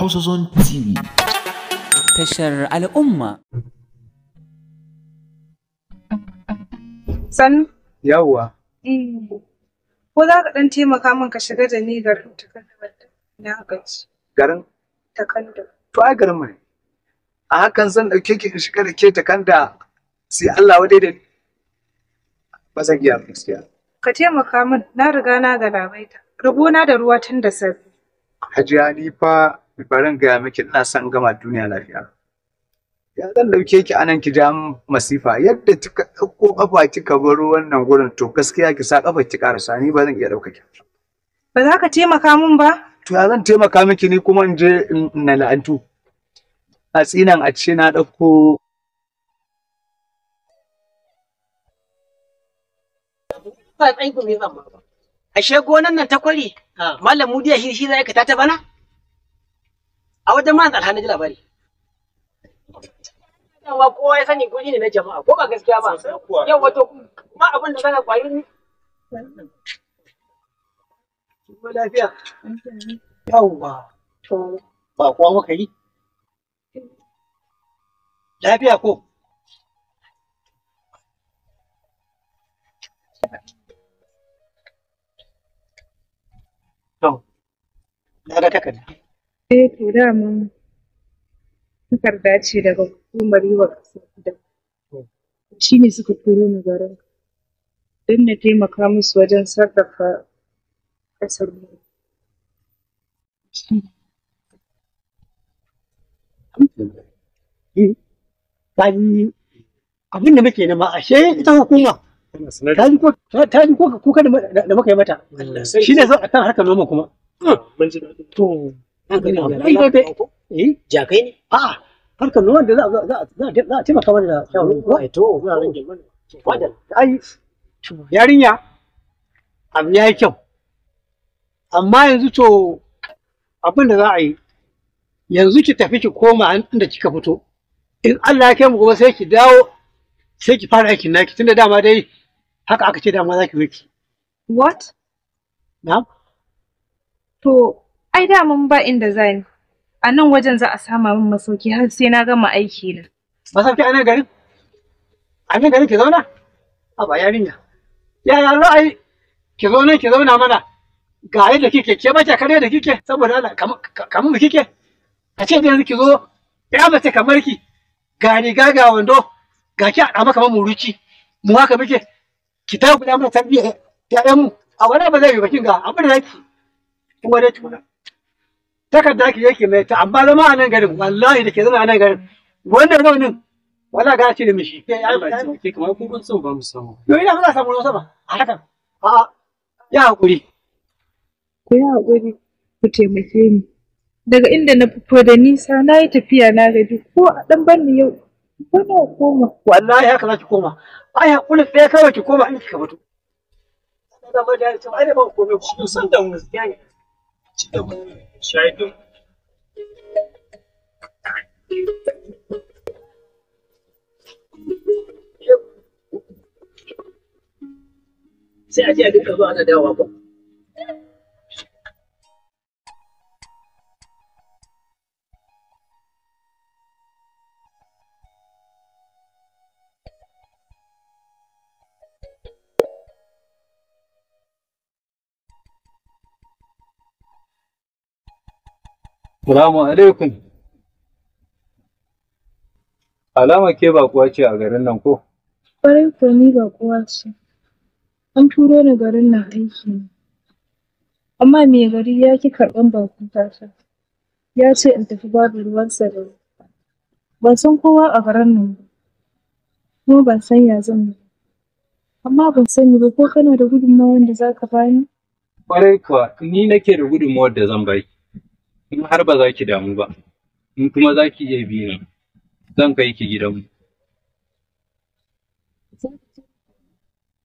Hausa Zone TV. Tashar al'umma. Sannu? Yawwa. Mm. Ko za ka ɗan taimaka min ka shiga da ni garin Takandar na gaji. Garin? Takandar. To ai garin mai. A hakan zan ɗauke ki in shiga da ke Takanda sai Allah wadai da Ba zan iya gaskiya. Ka taimaka min na riga na ga labaita. Rabona da ruwa tun da safe. Hajiya ni fa farin gaya miki ina son gama duniya lafiya ya zan dauke ki anan ki ja masifa yadda kika ɗauko kafa kika baro wannan gurin to gaskiya ki sa kafa ki karasa ni ba zan iya dauka ki ba za ka taimaka min ba to ya zan taimaka miki ni kuma in je na la'antu a tsinan a ce na ɗauko ashe gonan nan ta kwari malam mudiya shi shi zai ka ta bana a wajen man tsarha na ji labari yawa kowa ya sani guri ne na jama'a ko ba gaskiya ba yau wato kuma abin da zaka kwayo ne ko lafiya yawa to ba kuwa muka yi lafiya ko to na ga takarda Eh to daman takarda ce daga hukumar yi wa ƙasa hidima. Shi ne suka turo ni garin don na taimaka musu wajen sarrafa ƙasar mu. Eh, abin da muke nema ashe ita hukuma ta ji kuka da muka yi mata shi ne zo a kan harkar noma kuma ah, to jakai ne harkar da za a da yarinya abu ya yi kyau amma yanzu to abin da za a yi yanzu ki tafi ki koma inda kika fito in Allah ya kai mu gobe sai ki dawo sai ki fara aikin naki tunda dama dai haka aka ce dama za ki miki what Na to Ai da mun ba inda za ni. A nan wajen za a sama min masauki har sai na gama aiki na. Masauki a nan garin? A nan garin ki zauna? A ba yarinya. Ya ya ra'ayi ki zo nan ki zauna mana. Ga yadda kike ke mace kare da kike saboda Allah kamar mu kike. A ce yanzu ki zo ya mace kamar ki. Ga riga ga wando ga ki a maka mamuruci. Mu haka muke. Ki ta guda mana ɗan mu. A wani ba zai yi bakin ga abin da zaki. Kuma dai tukuna. takarda ki yake mai ta amma zama a nan garin wallahi da ke zama a nan garin wannan raunin wala ga ci da mishi ke ba ku so ba ina samu a a ya hakuri ku ya hakuri ku taimake ni daga inda na fito da nisa na yi tafiya na gaji ko a dan banni yau ko na koma wallahi haka za ki koma ai hakuri sai kawai ki koma in ka fito da da ai ba ku san gaskiya ne ci da mu Entscheidung. Sai a ce a duka Salamu alaikum. Alama ke ba kuwa ce a garin nan ko? Ƙwarai kuwa ni ba kuwa ce. An turo ni garin nan aiki ne. Amma me gari ya ki karɓan bakon tasa. Ya ce in tafi babu ruwansa da Ban san kowa a garin nan ba. Kuma ban san ya zan yi. Amma ban sani ba ko kana da gudunmawar da za ka bani? Ƙwarai kuwa ni nake da gudunmawar da zan baki. in har ba za ki damu ba in kuma za ki iya biya zan kai ki gidanmu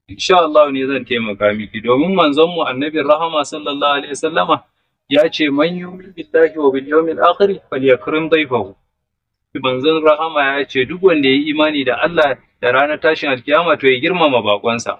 insha Allah ne zan taimaka miki domin manzon mu annabi rahama sallallahu alaihi wasallama ya ce man yu'min billahi wa bil yawmil akhir falyakrim dayfahu manzon rahama ya ce duk wanda ya yi imani da Allah da ranar tashin alkiyama to ya girmama bakonsa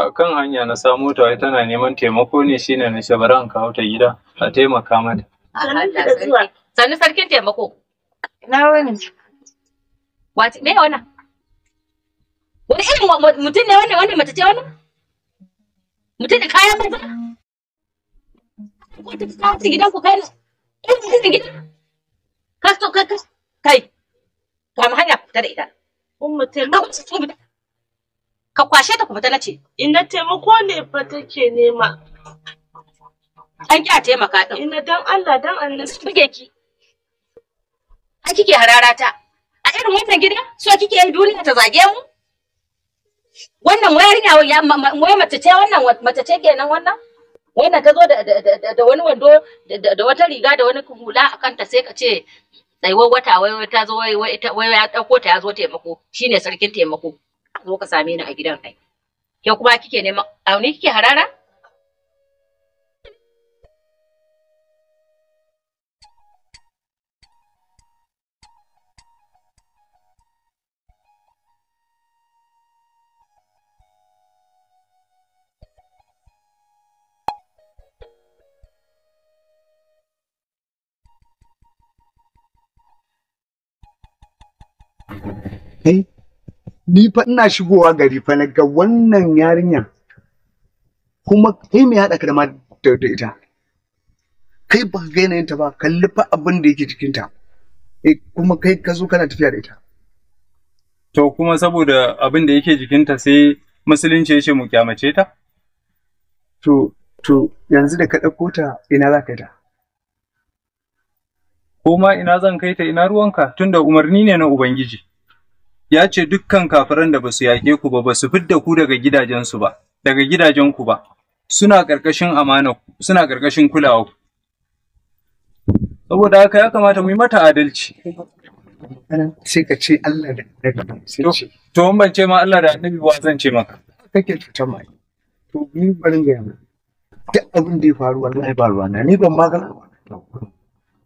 a kan hanya na samu ta wai tana neman taimako ne shine na ce an kawo ta gida a taimaka mata sannu sarkin taimako na wani wace ne wannan wani irin mutum ne wannan mace ce mutum da kayan banza ko ta ta gidan ku kai ta gidan kasto kai kai hanya fita da ita taimako Ka kwashe ta ku fita nace. Ina taimako ne fa take nema. An ki a taimaka ɗin. Ina dan Allah dan Allah. kike ki. Ai kike hararata. A irin wannan gida so kike yin duniya ta zage mu? Wannan wayar ya wai mace ce wannan mace ce kenan wannan? Wannan ta zo da wani wando da wata riga da wani hula a kanta sai ka ce tsaiwar wata wai ta zo wai ya dauko ta ya zo taimako shine sarkin taimako. zo ka same ni a gidan ai ke kuma kike neman auni kike harara Hey. ni fa ina shigowa gari fa na ga wannan yarinya kuma kai me haɗa ka da ma da ita kai ba ga yanayin ta ba kalli fa abin da yake jikinta eh, kuma kai ka zo kana tafiya da ita to kuma saboda abin da yake jikinta sai musulunci ya ce mu kyamace ta to to yanzu da ka ɗauko ta ina za ka ta ko ma ina zan kai ta ina ruwanka tunda umarni ne na ubangiji ya ce dukkan kafiran da ba su yaƙe ku ba ba su fidda ku daga gidajensu ba daga gidajenku ba suna ƙarƙashin amana suna ƙarƙashin kulawa saboda haka ya kamata mu yi mata adalci sai ka ce Allah da annabi sai to in ban ce ma Allah da annabi ba zan ce maka kake cutar ma to ni barin ga yana duk abin da ya faru wallahi ba ruwa na ni ban magana ba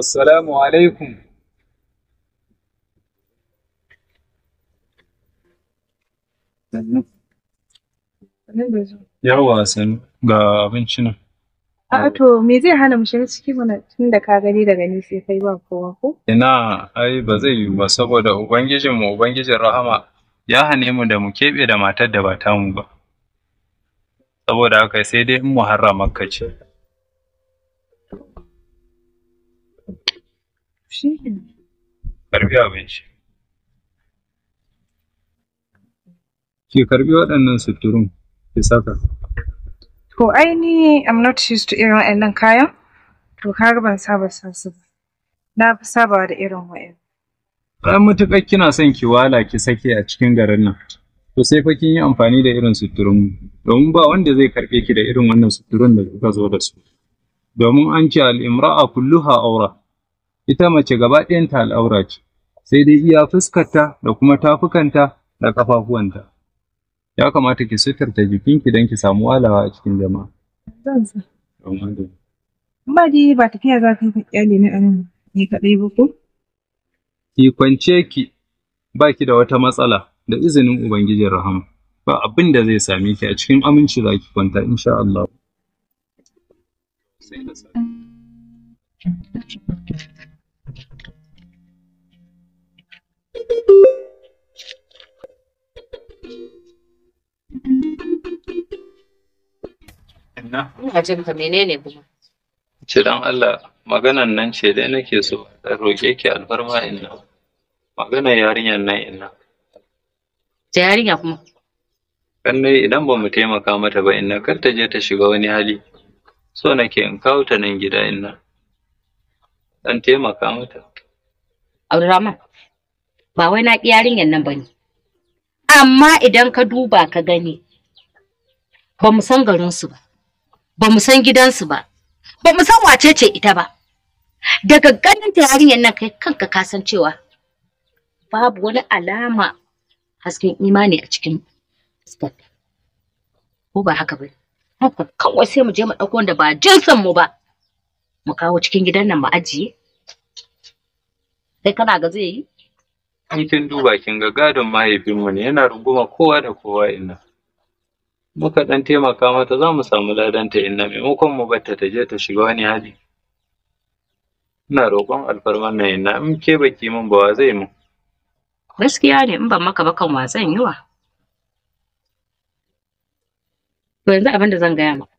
assalamu alaikum yawa sanu ga abinci nan A'a to me zai hana mu shiga ciki mana tun da ka gani daga ni sai kai ba kowa ko? Ina ai ba zai yiwu ba saboda ubangijin mu ubangijin rahama ya hane mu da mu keɓe da matar da ba tamu ba. Saboda haka sai dai in mu harra makka ce. Shi Karbi abinci. Ki karbi waɗannan suturun ki saka. To ai ni I'm not used to irin waɗannan kayan. To kaga ban saba sa ba. Na fi sabawa da irin waɗannan. Ran matuƙar kina son ki wala ki sake a cikin garin nan. To sai fa kin yi amfani da irin suturun domin ba wanda zai karɓe ki da irin wannan suturun da kuka zo da su. Domin an ce al'imra'a kulluha aura. ita mace gaba ɗayan ta al'aura ce, sai dai iya fuskarta da kuma tafukanta da ƙafafuwanta. Ya kamata ki suturta jikinki don ki samu walawa a cikin jama'a. Zan sa. Ba ba tafiya za ta yi na ɗan ne kaɗai ba ko? Ki kwance ki ba ki da wata matsala da izinin Ubangijin Rahama. Ba abin da zai same ki a cikin aminci za ki kwanta insha Allah. Sai Ina jin ka menene kuma? Ci dan Allah maganan nan ce dai nake so a roƙe ki alfarma inna. magana yarinyar nan inna. Ta yarinya kuma? Kannai idan ba mu taimaka mata ba inna kar ta je ta shiga wani hali. So nake in kawo ta nan gida inna. Dan taimaka mata. Abdurrahman, ba wai na ƙi yarinyan nan bane amma idan ka duba ka gani ba mu san garinsu ba ba mu san gidansu ba ba mu san wace ce ita ba daga ganin ta yarinyan nan kai kanka ka san cewa babu wani alama hasken imani a cikin fuskarta ko ba haka ba haka kawai sai mu je mu ɗauko wanda ba jinsan mu ba mu kawo cikin gidan nan mu ajiye kai kana ga zai yi in kin duba kin ga gadon mahaifinmu ne yana runguma kowa da kowa inna muka dan taimaka mata za mu samu ladanta inna maimakon mu batta ta je ta shiga wani hali ina roƙon alfarman nan inna in ke baki min ba wa zai mu gaskiya ne in ban maka ba kan wasan yiwa to yanzu abin da zan gaya maka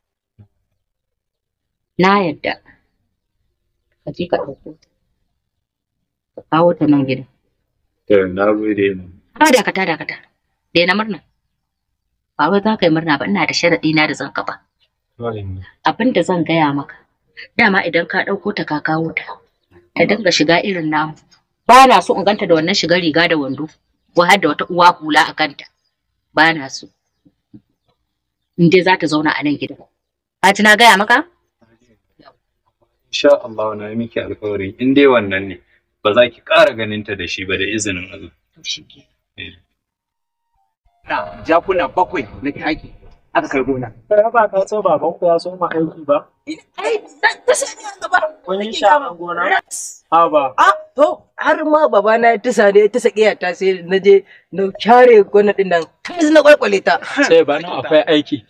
na yadda ka ji ka ɗauko ta ka kawo ta nan gidan na gode mu. Ka dakata dakata. Da na murna. Ba wai za ka yi murna ba ina da sharaɗi na da zan kafa. Abin da zan gaya maka. Dama idan ka ɗauko ta ka kawo ta. Ta dinga shiga irin namu. Ba na so in ganta da wannan shiga riga da wando. Ko har da wata uwa hula a kanta. Ba na so. In dai za ta zauna a nan gida. Ka na gaya maka? Insha Allah na miki alƙawari in dai wannan ne. ba za ki ƙara ganinta da shi ba da izinin Allah. Eh. Na jakuna bakwai na taki aka karbo na. Kara ba ka so ba ku ya so ma aiki ba? Ai, ta sani a ba. Kun yi gona? Ha ba. A, to, har ma baba na tisa ne tisa ƙiya ta sai na je na kyare gona din nan. Kai na kwalkwale ta. Sai ba nan akwai aiki.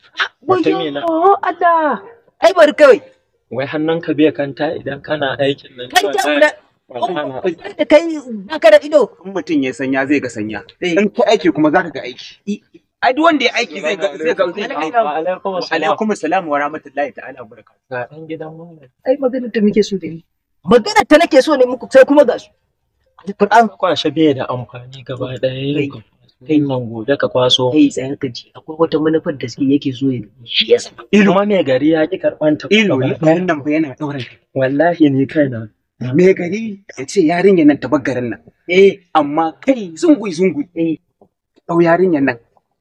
Mutumi na. Oh, Allah. Ai bari kawai. Wai ka bai kanta idan kana aikin nan. Kai ta da kai baka da ido in mutum ya sanya zai ga sanya eh. in ka aiki kuma zaka ga aiki ai duk wanda ya aiki zai ga zai ga alaikum assalam wa rahmatullahi ta'ala wa barakatuh dan gidan wannan ai magana ta muke so da ni magana ta nake so ne muku sai kuma ga su alquran kwashe bai da amfani gaba daya kai nan gobe ka kwaso kai tsayan ka ji akwai wata manufar da suke yake so ya shi yasa ilu mai gari ya ki karban ta ilu nan nan yana daurin wallahi ne kaina me gari ya ce yarinyar nan ta garin nan eh amma kai zungui zungui eh dau yarinyar nan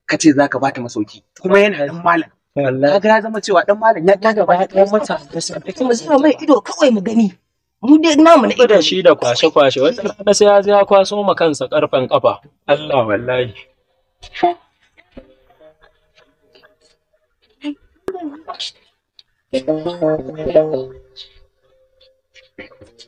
ka ce za ka ba ta masauki kuma yana dan malam wallahi ga zama cewa dan malam ya daga baya ta mata da kuma sai mai ido kawai mu gani mu dai namu na ido shi da kwashe kwashe wata sai ya zai ya kwaso ma kansa karfen kafa Allah wallahi Thank you.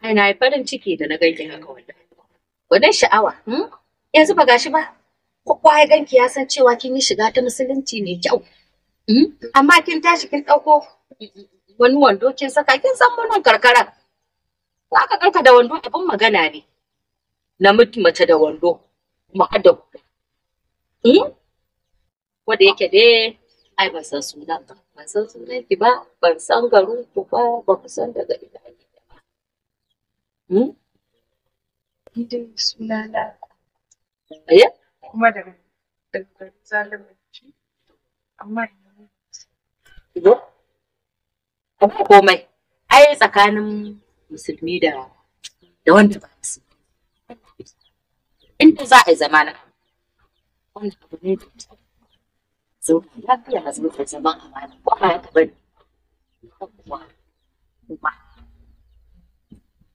Ai na yi farin ciki da na ganki haka wanda. Wannan sha'awa, hmm? yanzu ba gashi ba. Kowa ya ganki ya san cewa kin yi shiga ta musulunci mai kyau. Hmm? Amma kin tashi kin ɗauko wani wando kin saka kin san munan karkara. Za ka karka da wando abin magana ne. Na mace da wando kuma har da Wanda hmm? yake dai ai ban san sunan ba, ban san sunan ki ba, ban san garin ku ba, ban san daga ina Hmm? Ni eh? Kuma daga Amma komai. Ai tsakanin musulmi da wanda ba musulmi. Inda za a yi zamanin wanda abu ne da zo lafiya na zuwa zaman amana ko a ya kuma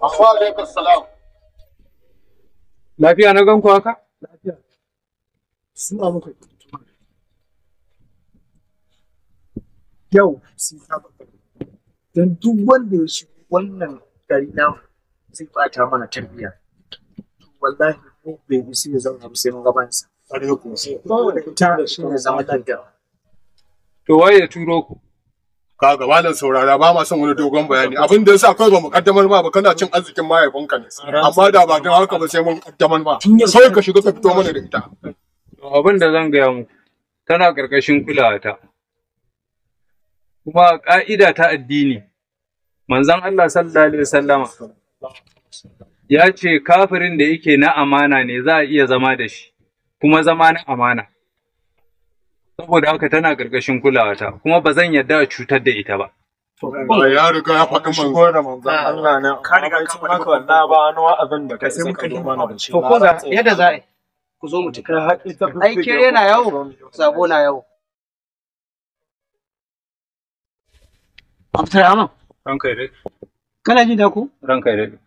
Wa alaikum salam. Lafiya na ganku haka? Lafiya. Suna muka Yau sai ta babbare. Don duk wanda ya shi wannan gari namu zai bata mana tarbiyya. Wallahi mu bai isi ya zauna ba sai mun gabansa. Kare ku sai. Kowane ita da shi ne zama dangawa. To waye ya turo ku? kaga nan saurara ba ma son wani dogon bayani abin da yasa kai ba mu kaddamar ma ba kana cin arzikin mahaifinka ne amma da ba dan haka ba sai mun kaddamar ma sai ka shiga ka fito mana da ita abin da zan gaya mu tana karkashin ta. kuma ka'ida ta addini manzon Allah sallallahu alaihi wasallama ya ce kafirin da yake na amana ne za a iya zama da shi kuma zama na amana saboda haka tana ƙarƙashin kulawata kuma ba zan yarda a cutar da ita ba. ya riga ya faɗi shigo da manzon ah, Allah ne ka riga ka faɗi maka wannan ba wani wa'azin da kai sai ka nima na bace to ko ga yadda za a ku zo mu tuka ai kire na yawo sabo na yawo Abdurrahman ranka ya dade kana ji da ku ranka ya dade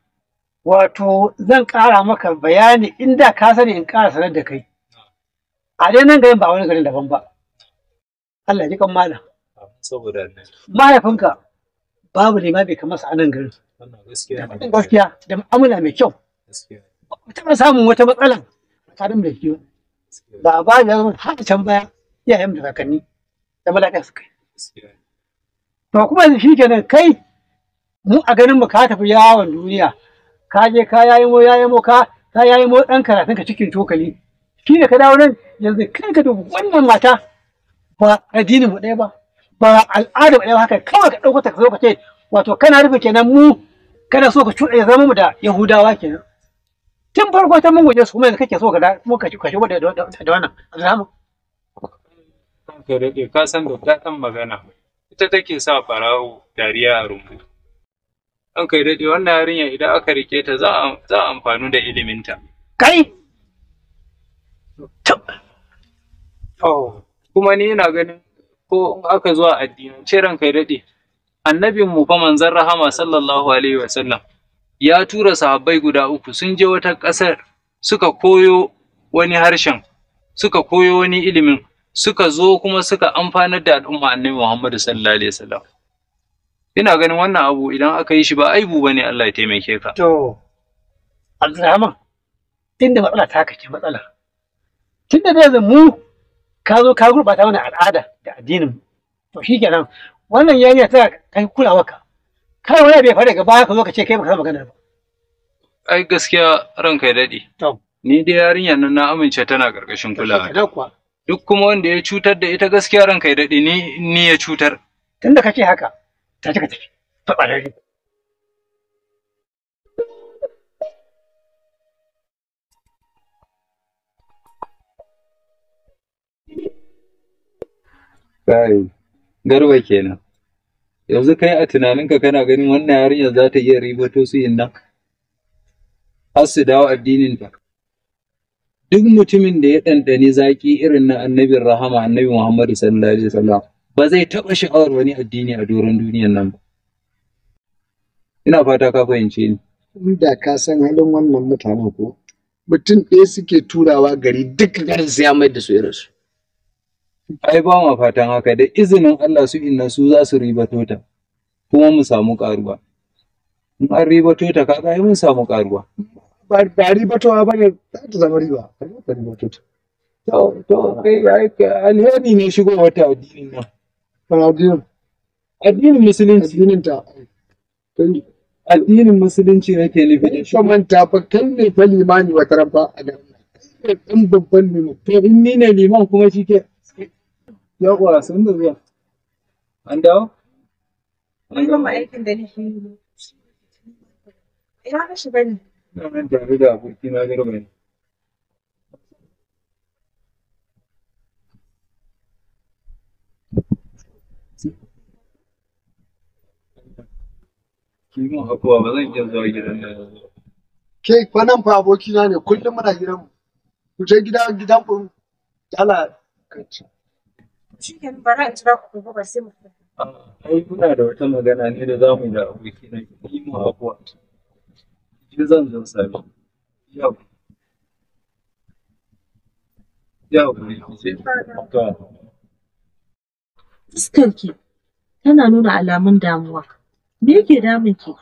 wato zan ƙara maka bayani inda ka sani in ƙara sanar da kai a dai nan garin ba wani garin daban ba Allah ji kan malam saboda mahaifinka babu ne ma bai kamar sa anan garin gaskiya da mu'amala mai kyau taɓa samun wata matsala tsakanin mai kiwo ba ba da har can baya iyayen da kakanni da malaka su kai to kuma shi kenan kai mu a ganin mu ka tafi yawon duniya ka je ka yayi mo yayi mo ka ka yayi mo dan karatun ka cikin tokali shi ne ka dawo nan yanzu kanka da wannan mata ba addinin mu ɗaya ba ba al'adar mu ɗaya haka kawai ka ɗauko ta ka zo ka ce wato kana rufe kenan mu kana so ka cuɗe ya zama mu da yahudawa kenan tun farko ta mun guje su kuma yanzu kake so ka da kuma ka shigo da da wannan alhamu ka daɗe ka san da ta magana ita take sa ɓarawo dariya a rumbu an kai daɗe wannan yarinya idan aka rike ta za a amfanu da iliminta kai Oh. kuma ni ina ganin ko in aka zuwa addinance ran kai daɗe annabin mu fa manzon rahama sallallahu alaihi wa sallam, ya tura sahabbai guda uku sun je wata ƙasar suka koyo wani harshen suka koyo wani ilimin suka zo kuma suka amfanar da al'umma annabi Muhammadu sallallahu alaihi wasallam ina ganin wannan abu idan aka yi shi ba aibu bane Allah ya taimake ka to Abdulrahman tunda matsala ta kake matsala tunda da mu ka zo ka gurɓata mana al'ada da addinin to shi kenan wannan yarinya ta kai kulawa ka kai wani bai fara ga baya ka zo ka ce kai ba ka magana ba ai gaskiya ranka ya to ni dai yarinya nan na amince tana karkashin kulawa duk kuma wanda ya cutar da ita gaskiya ranka ya dade ni ni ya cutar tunda ce haka ta ka tafi faɗa Kai, Garba kenan. Yanzu kai a tunaninka kana ganin wannan yarinyar za ta iya ribato su yin nan? Har su dawo addininta. Duk mutumin da ya ɗanɗani zaƙi irin na annabin rahama annabi Muhammadu sallallahu alaihi wasallam ba zai taɓa sha'awar wani addini a doron duniyar nan ba. Ina fata ka fahimce ni. da ka san halin wannan mutanen ko mutum ɗaya suke turawa gari duk garin sai ya mai da su irinsu. ai ba ma fatan haka da izinin Allah su inna su za su ribato ta kuma mu samu karuwa in an ribato ta kaga ai mun samu karuwa ba ba ribatowa ba ne za ta zama riba ta ribato ta to to kai alheri ne shigo wata addinin nan addinin addinin musulunci addinin ta addinin musulunci nake nufi da shi manta fa kai ne fa limani wata rabba a garin in babban liman to in ni ne liman kuma shi ke Yok orası mı da yok. Anda şey şey, o? Anda aikin da nake yi. Ina kashi bane. Ina nan tare da abokina Garba kimin hakuwa ba zan iya zuwa gidan nan ke kwanan fa abokina ne kullum muna gidan mu ku je gida gidan ku ala shikenan bara in jira ku gobe sai mu ah, ai kuna da wata magana ne da zamu da aboki na yi mu abuwa ki zan zan sami yau yau ne ce to fuskarki tana nuna alamun damuwa me yake damun ki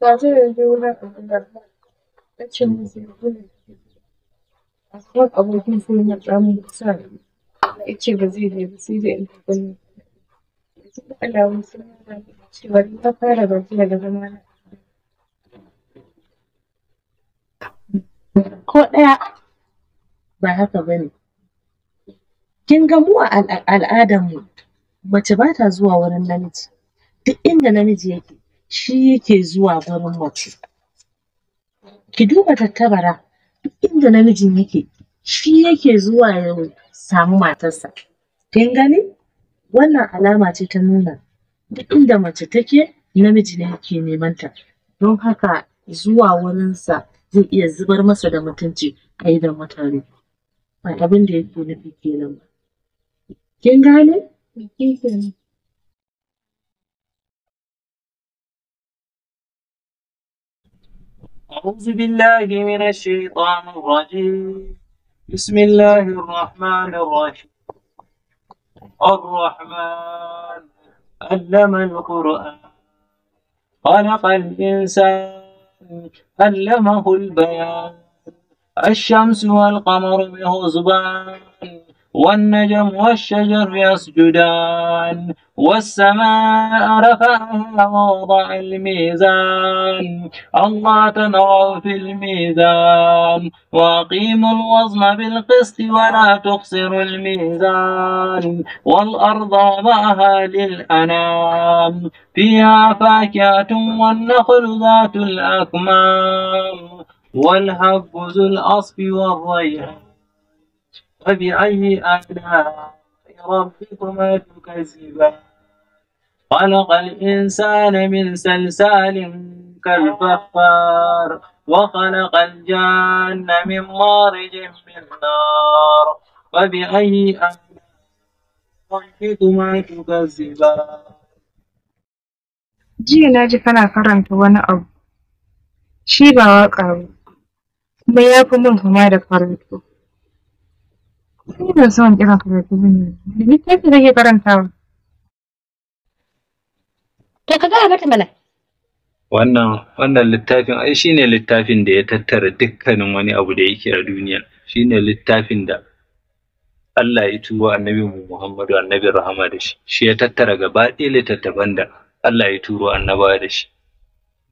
ba zai yi wurin abin da ba ce mu zai gudu a kan abokin yi na tsamin sa ya ce ba zai je ba sai da in tafi alamu sun nuna cewa ta fara gajiya da zama na ko ɗaya ba haka ba ne kin ga mu a al'adarmu mace ba ta zuwa wurin namiji duk inda namiji yake shi yake zuwa wurin mace ki duba tattabara duk inda namijin yake shi yake zuwa yau. samu matarsa. Kin gani? Wannan alama ce ta nuna duk inda mace take namiji ne yake ta, Don haka zuwa wurinsa zai iya zubar masa da mutunci a da mutane. Ba abin da yake nufi kenan ba. Kin gane? أعوذ بالله من الشيطان الرجيم بسم الله الرحمن الرحيم الرحمن علم القرآن خلق الإنسان علمه البيان الشمس والقمر بهزبان والنجم والشجر يسجدان والسماء رفعها ووضع الميزان الله تنغوا في الميزان وأقيموا الوزن بالقسط ولا تخسروا الميزان والأرض وضعها للأنام فيها فاكهة والنخل ذات الأكمام والهب ذو الأصف والريحان فبأي آلاء ربكما تكذبان خلق الإنسان من سلسال كالفخار وخلق الجن من مارج من نار فبأي آلاء ربكما تكذبان jiya na ji kana karanta wani abu shi ba waƙa ba kuma ya fi min kama da karatu Ni da kiran karatu ne. Da littafi nake karantawa. To ka gaya mata Wannan wannan littafin ai ne littafin da ya tattara dukkanin wani abu da yake a duniya. ne littafin da Allah ya tuwo annabi mu Muhammadu annabi rahama da shi. Shi ya tattara gaba ɗaya littattafan da Allah ya turo annabawa da shi.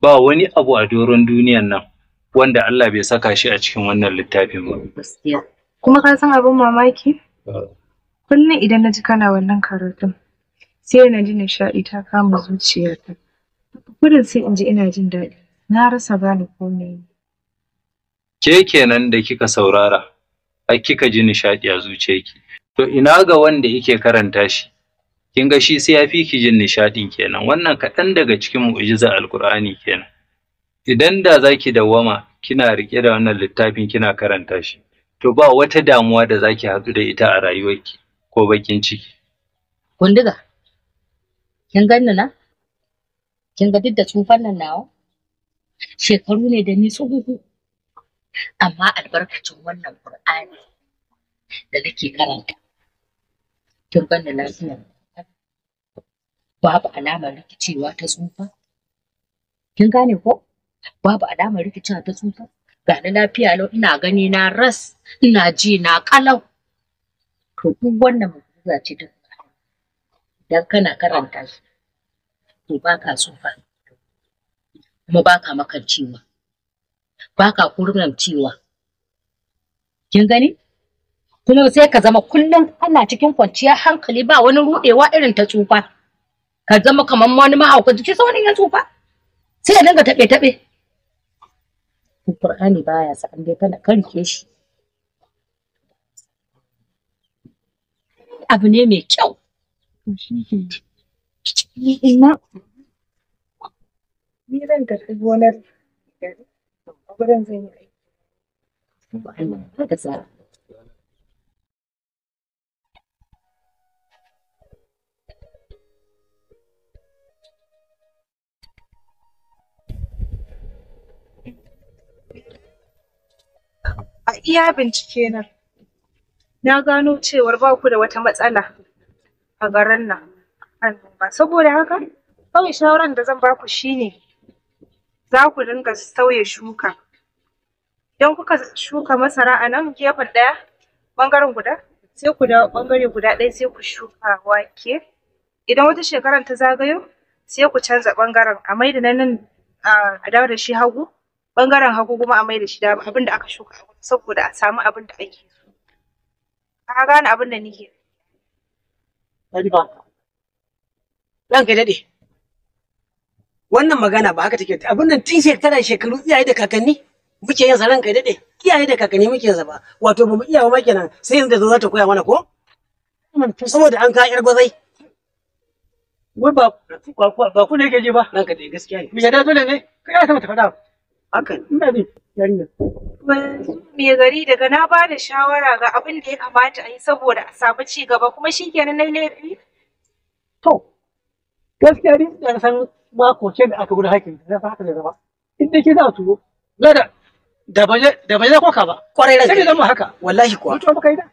Ba wani abu a doron duniyan nan wanda Allah bai saka shi a cikin wannan littafin ba. kuma ka san abin mamaki kullum idan na ji kana wannan karatun sai na ji nishaɗi ta kama zuciyarta. gudun sai in ji ina jin daɗi na rasa gane komai ke kenan da kika saurara har kika ji nishaɗi a zuciyarki to ina ga wanda yake karanta shi kin ga shi sai ya fi ki jin nishaɗin kenan wannan kaɗan daga cikin mu'ujiza Alƙur'ani kenan idan da zaki dawwama kina riƙe da wannan littafin kina karanta shi to ba wata damuwa da zaki haɗu da ita a rayuwarki ko bakin ciki gundiga kin ganni na kin ga duk da tsufan nan nawa shekaru ne da ni tsugugu amma albarkacin wannan qur'ani da nake karanta kin ganni lafiya babu alamar rikicewa ta tsufa kin gane ko babu alamar rikicewa ta tsufa ga na lafiya lau ina gani na ras ina ji na kalau to duk wannan mu'jiza ce ta dan kana karanta shi to baka tsufa kuma baka makancewa baka kurmancewa kin gani kuma sai ka zama kullum ana cikin kwanciyar hankali ba wani rudewa irin ta tsufa ka zama kamar wani mahaukaci sai wani ya tsufa sai ya dinga taɓe-taɓe Qur'ani baya sa an dai kana karke shi abu ne mai kyau ina ni zan tafi gonar gurin zan yi aiki ba da tsara A iya bincike na, na gano cewar ba ku da wata matsala a garin nan annoba. Saboda haka, kawai shawaran da zan ba ku shine za ku dinga sauya shuka. Idan kuka shuka masara a nan gefen ɗaya, ɓangaren guda, sai ku dawo ɓangare guda ɗaya sai ku shuka wake. Idan wata shekarar ta zagayo, sai ku canza ɓangaren a maida na nan a dawo da shi hagu. bangaren hagu kuma a maida da shi da abin da aka shuka a saboda a samu abin da ake so ka gane abin da nake ɗan ka daɗe wannan magana ba haka take abin nan tun shekara shekaru iyaye da kakanni muke yin zaren ranka daɗe iyaye da kakanni muke yin sa ba wato ba mu iyawa ma kenan sai yanzu da zo za ta koya mana ko saboda an ka yar gwazai wai ba ku ne ke ji ba ka daɗe gaskiya ne mu ya dole ne kai ya ta mata faɗa haka ina bin yarinya me gari daga na ba da shawara ga abin da ya kamata a yi saboda a samu ci gaba kuma shikenan na laifi to gaskiya ni da san mako ce da aka gudu hakin da fa haka da zama in da ke za su lada da ba da ba koka ba kwarai da sai zama haka wallahi kuwa mutuwa baka yi da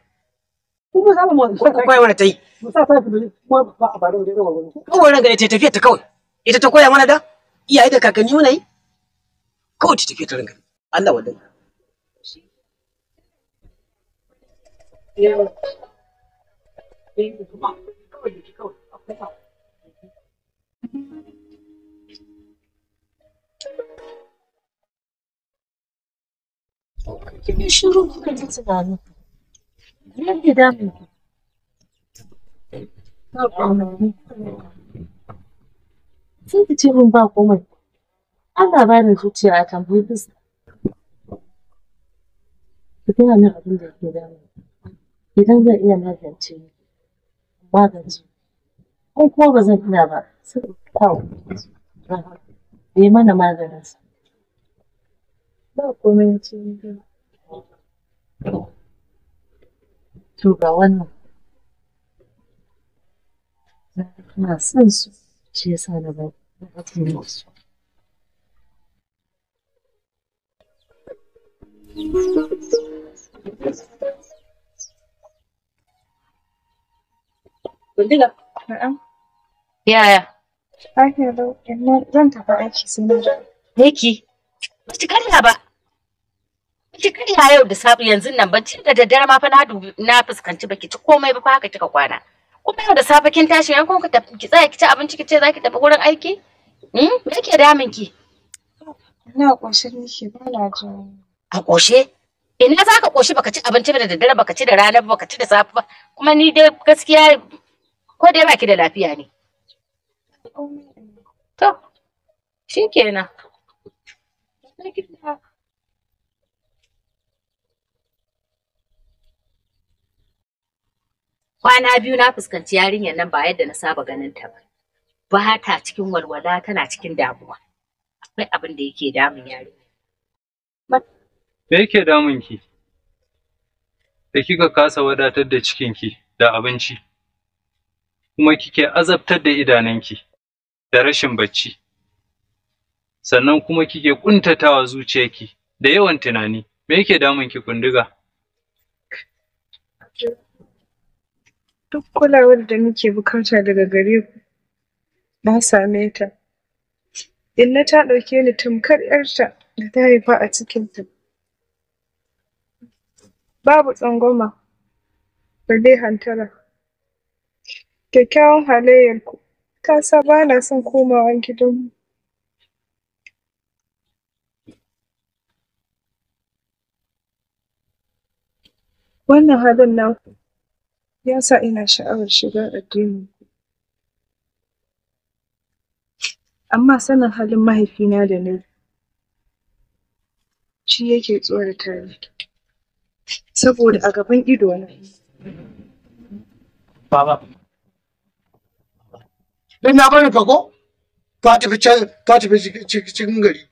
kun ba samu mu ko kai wani tai mu sa sai kuma ba a bare da wani kawai ran ga ta tafiya ta kawai ita ta koya mana da iyaye da kakanni muna yi kowace take ta rinka Allah wadai eh, Kimi shiru kuka ji tunani? Yadda damu ku. Ba komai. ni. ka ce min ba komai. ba ni zuciya a tambayi fuska. ku gaya min abin da ke damu. Idan zan iya magance ni, magance. Ai kuma ba zan iya ba, sai in kawo bai eh, mana maganinsa. Ba komai na cikin To ga wannan. Ina son su, shi yasa na ba. Na ba su. Bindiga? Na'am. Yaya? Lafiya zan tafi aiki sai na Me ki? Ba ki karya ba. Ba ki karya yau da sabu yanzu nan ba tun da daddare ma fa na na fuskanci baki ci komai ba fa haka kika kwana. Kuma yau da safe kin tashi yan kun ki tsaya ki ci abinci ki ce za ki tafi wurin aiki? Hmm? Me ke damin ki? Ina ƙoshin nake ba na jin a ƙoshe ina za ka ƙoshi baka ci abinci da daddare baka ci da rana baka ci da safe ba kuma ni dai gaskiya ko dai baki da lafiya ne to shikenan kwana biyu na fuskanci yarinyar nan ba yadda na saba ganin ta ba ba ta cikin walwala tana cikin damuwa akwai abin da yake damun yarinya Me yake damun ki? Da kika kasa wadatar da cikinki da abinci, kuma kike azabtar da idanunki da rashin bacci, sannan kuma kike ƙuntatawa zuciyarki da yawan tunani, me yake damun ki kundiga? Duk kulawar da muke bukata daga gare ku, na same ta. Inna ta ɗauke ni tamkar ‘yarta da ta haifa a cikinta. babu tsangwama balle hantara. Kyakkyawan ku ta sa ba na son komawa gidanmu. Wannan halin naku ya sa ina sha'awar shiga ku amma sanin halin mahaifina da na shi yake tsorata ni. saboda a gaban ido na baba dan na bari ka ko ka tafi ka tafi cikin gari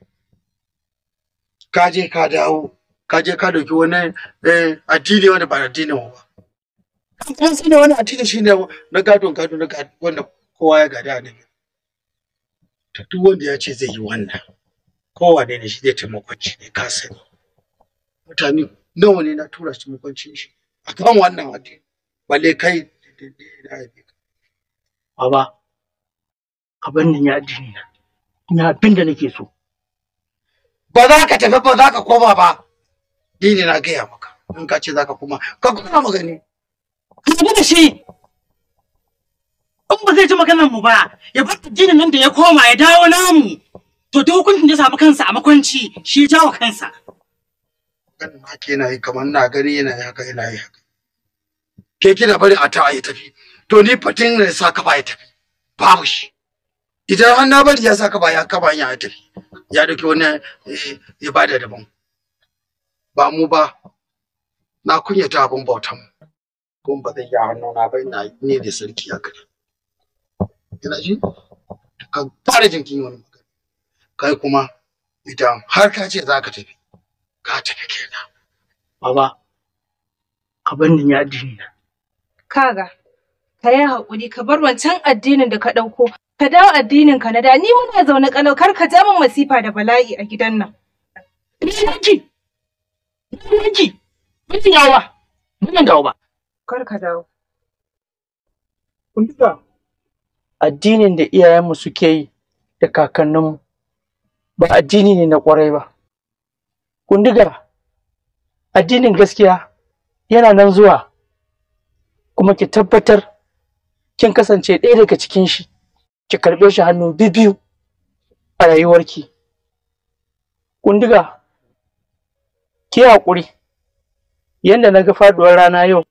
ka je ka dawo ka je ka dauki wani eh, addini wanda ba addini ba kuma sai da wani addini shine na gadon gado na wanda kowa ya gada ne to duk wanda ya ce zai yi wannan kowa ne shi zai taimakon ne ka sani mutane nawa ne na tura shi makwancin shi a kan wannan addini balle kai da ya ka. Baba, abin nan ya addini na, ina abin da nake so. Ba za ka tafi ba za ka koma ba, dini na gaya maka, in ka ce za ka koma, ka koma magani. Ka da shi, in ba zai ji maganar mu ba, ya bar addinin nan da ya koma ya dawo namu. To, duk hukuncin ya samu kansa a makwanci, shi ya jawo kansa. ganin haka na yi kamar na gani yana yi haka yana yi haka ke kina bari a ta ya tafi to ni fatin ne sa ka ba ya tafi babu shi idan har na bari ya sa ka ba ya kaba ya tafi ya dauki wani eh, ibada daban ba mu ba na kunyata abin bautan kun ba zai yi hannu na bai na ne da sarki a gari ina ji ka fara jinkin wani kai kuma idan har ka ce za ka tafi ka tafi kenan baba abin ya addini na kaga ka yi haƙuri ka bar wancan addinin da ka ɗauko ka dawo addinin ka na da ni muna zaune ƙalau kar ka ja min masifa da bala'i a gidan nan ni yanki ni yanki mutum yawa mutum dawo ba kar ka dawo kunduka addinin da iyayenmu suke yi da kakanninmu ba addini ne na ƙwarai ba Kundiga addinin gaskiya yana nan zuwa kuma ki tabbatar kin kasance ɗaya daga cikin shi ki karɓe shi hannu biyu a rayuwarki kundiga ki haƙuri yadda na ga faɗuwar rana yau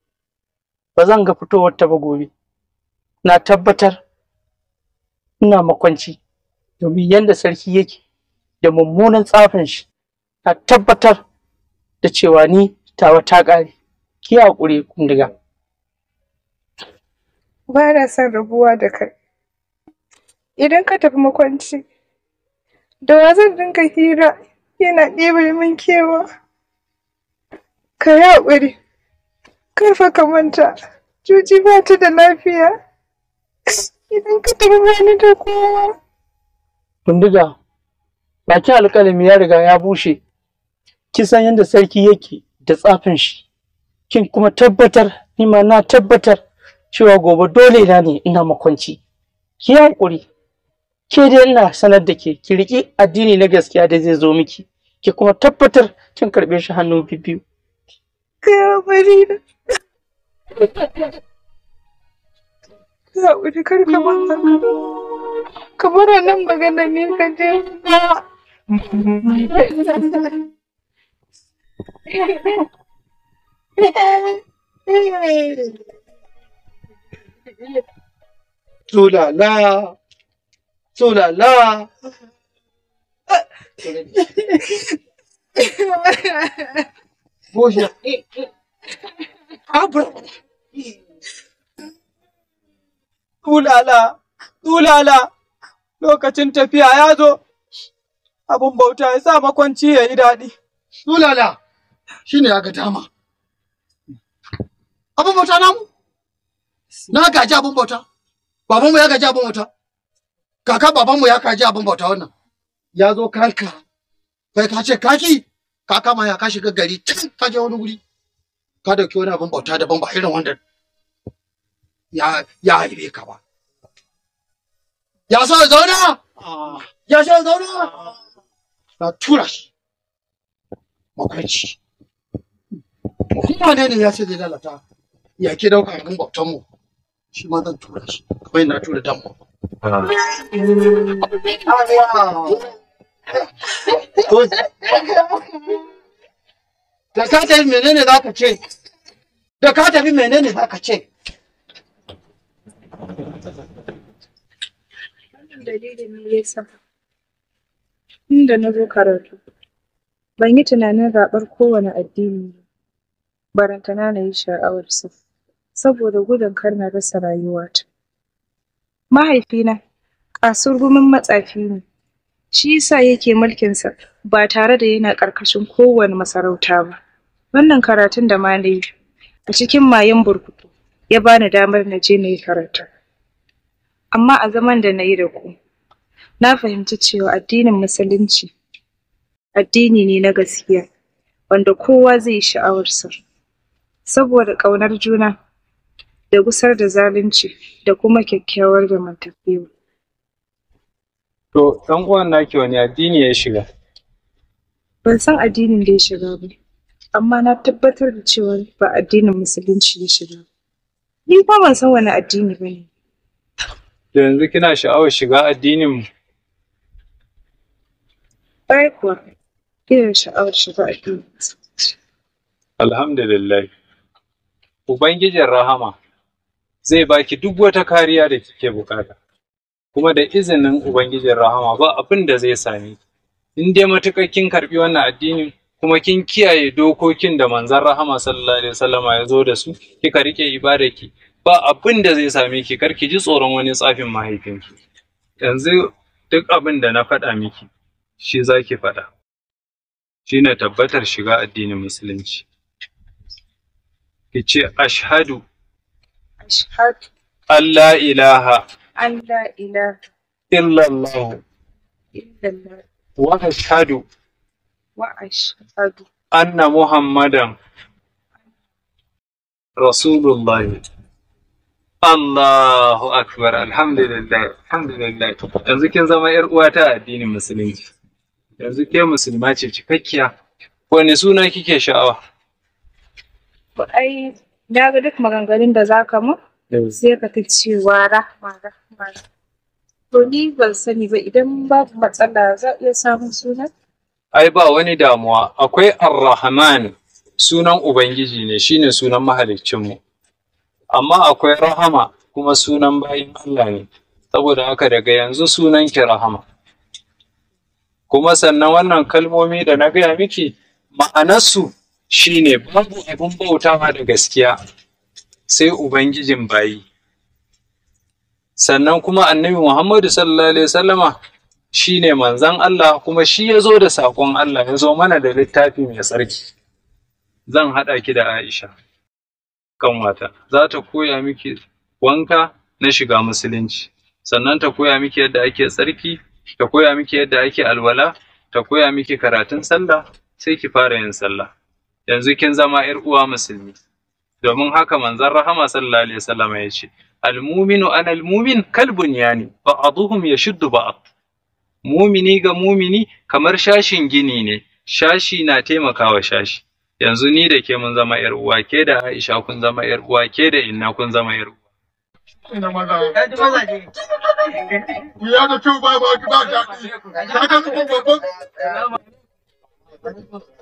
ba zan ga fitowar ta ba gobe na tabbatar ina makwanci domin yadda sarki yake da mummunan tsafin shi a tabbatar da cewa ni tawa ta ƙare ki haƙuri kundiga ba na son rabuwa da kai idan ka tafi makwanci da wa zan dinga hira yana ɗebe min kewa ka yi haƙuri karfa ka manta juji ba ta da lafiya idan ka tafi bani da kowa kundiga bakin alƙalami ya riga ya bushe kin san yadda sarki yake da tsafin shi kin kuma tabbatar ni ma na tabbatar cewa gobe dole na ne ina makwanci ki hankuri ke dai ina sanar da ke ki riƙi addini na gaskiya da zai zo miki ki kuma tabbatar kin karɓe shi hannu biyu na ka ka kamar nan magana ne ka je Tsulala, tsulala. Можно. Абра. Tulala, tulala, lokacin tafiya ya zo, abin bauta ya sa makwanci ya yi daɗi. Tulala. shine ya ga dama abin bauta namu na gaji abin bauta babanmu ya gaji abun bauta kaka babanmu ya gaji abun bauta wannan ya zo kanka kai ka ce kaki Kaka ma ya ka shiga gari can ka je wani guri ka dauki wani abin bauta daban ba irin wanda ya ya haife ka ba ya so zauna ah. ya so zauna na tura shi makwanci kowane ne ya ce zai lalata ya ke dauka abin bautan shi ma zan tura shi kamar na tura dan mu da ka tafi menene za ka ce da ka tafi menene za ka ce dalilin nesa inda na zo karatu ban yi tunanin zaɓar kowane addini ba barantana na yi sha'awarsa saboda gudun kar na rasa rayuwata. Mahaifina kasurgumin matsafi ne, shi yasa yake mulkinsa ba tare da yana ƙarƙashin kowane masarauta ba. Wannan karatun da ma na a cikin mayen burkutu ya bani damar na je na yi karatu. Amma a zaman da na yi da ku, na fahimci cewa addinin Musulunci addini ne na gaskiya wanda kowa zai yi sha'awarsa. saboda ƙaunar juna da gusar da zalunci da kuma kyakkyawar zamantakewa. To, ɗan uwan naki wani addini ya shiga? Ban san addinin da ya shiga ba, amma na tabbatar da cewa ba addinin musulunci ya shiga ba. Ni kuma ban san wani addini ba ne. yanzu kina sha'awar shiga addinin mu? Ƙwarai kuwa, ina sha'awar shiga addinin Alhamdulillah. Ubangijin rahama zai baki duk wata kariya da kike bukata, kuma da izinin Ubangijin rahama ba abin da zai sami In dai matuƙar kin karɓi wannan addini kuma kin kiyaye dokokin da manzon rahama sallallahu alaihi wasallama ya zo da su, kika rike ibadarki ba abin da zai same ki kar ki ji tsoron wani tsafin mahaifinki. Yanzu duk abin da na faɗa miki shi za ki faɗa. Shi tabbatar shiga addinin Musulunci. ki ce ashhadu Allah ilaha Illallahu! wa ashadu wa anna muhammadan rasulullah Allahu akbar alhamdulillah alhamdulillah yanzu kin zama yar uwata a addinin musulunci yanzu ke musulma ce cikakkiya wani suna kike sha'awa ai na duk maganganun da za ka mu sai ka ta cewa rahma rahma to ni ban sani ba idan babu matsala za iya samun sunan ai ba wani damuwa akwai arrahman sunan ubangiji ne shine sunan mahaliccinmu amma akwai rahama kuma sunan bayin Allah ne saboda haka daga yanzu sunan ki rahama kuma sannan wannan kalmomi da na gaya miki ma'anarsu shine babu abin bautawa da gaskiya sai ubangijin bayi sannan kuma annabi Muhammadu sallallahu alaihi wasallama shine manzan Allah kuma shi ya zo da sakon Allah ya zo mana da littafi mai tsarki zan haɗa ki da Aisha kan wata za ta koya miki wanka na shiga musulunci sannan ta koya miki yadda ake tsarki ta koya miki yadda ake alwala ta koya miki karatun sallah sai ki fara yin sallah yanzu kin zama ‘yar uwa musulmi. Domin haka manzon rahama sallallahu alaihi wasallam ya ce, Al-muminu an al-mumin kal bunyani ya shuddu ba. Mumini ga mumini kamar shashin gini ne, shashi na taimakawa shashi. Yanzu ni da ke mun zama ‘yar uwa, ke da Aisha kun zama ‘yar uwa, ke da Inna kun zama ‘yar uwa. Ina maza. Wuya da kyau ba ba ki ba daɗi. Ka babban.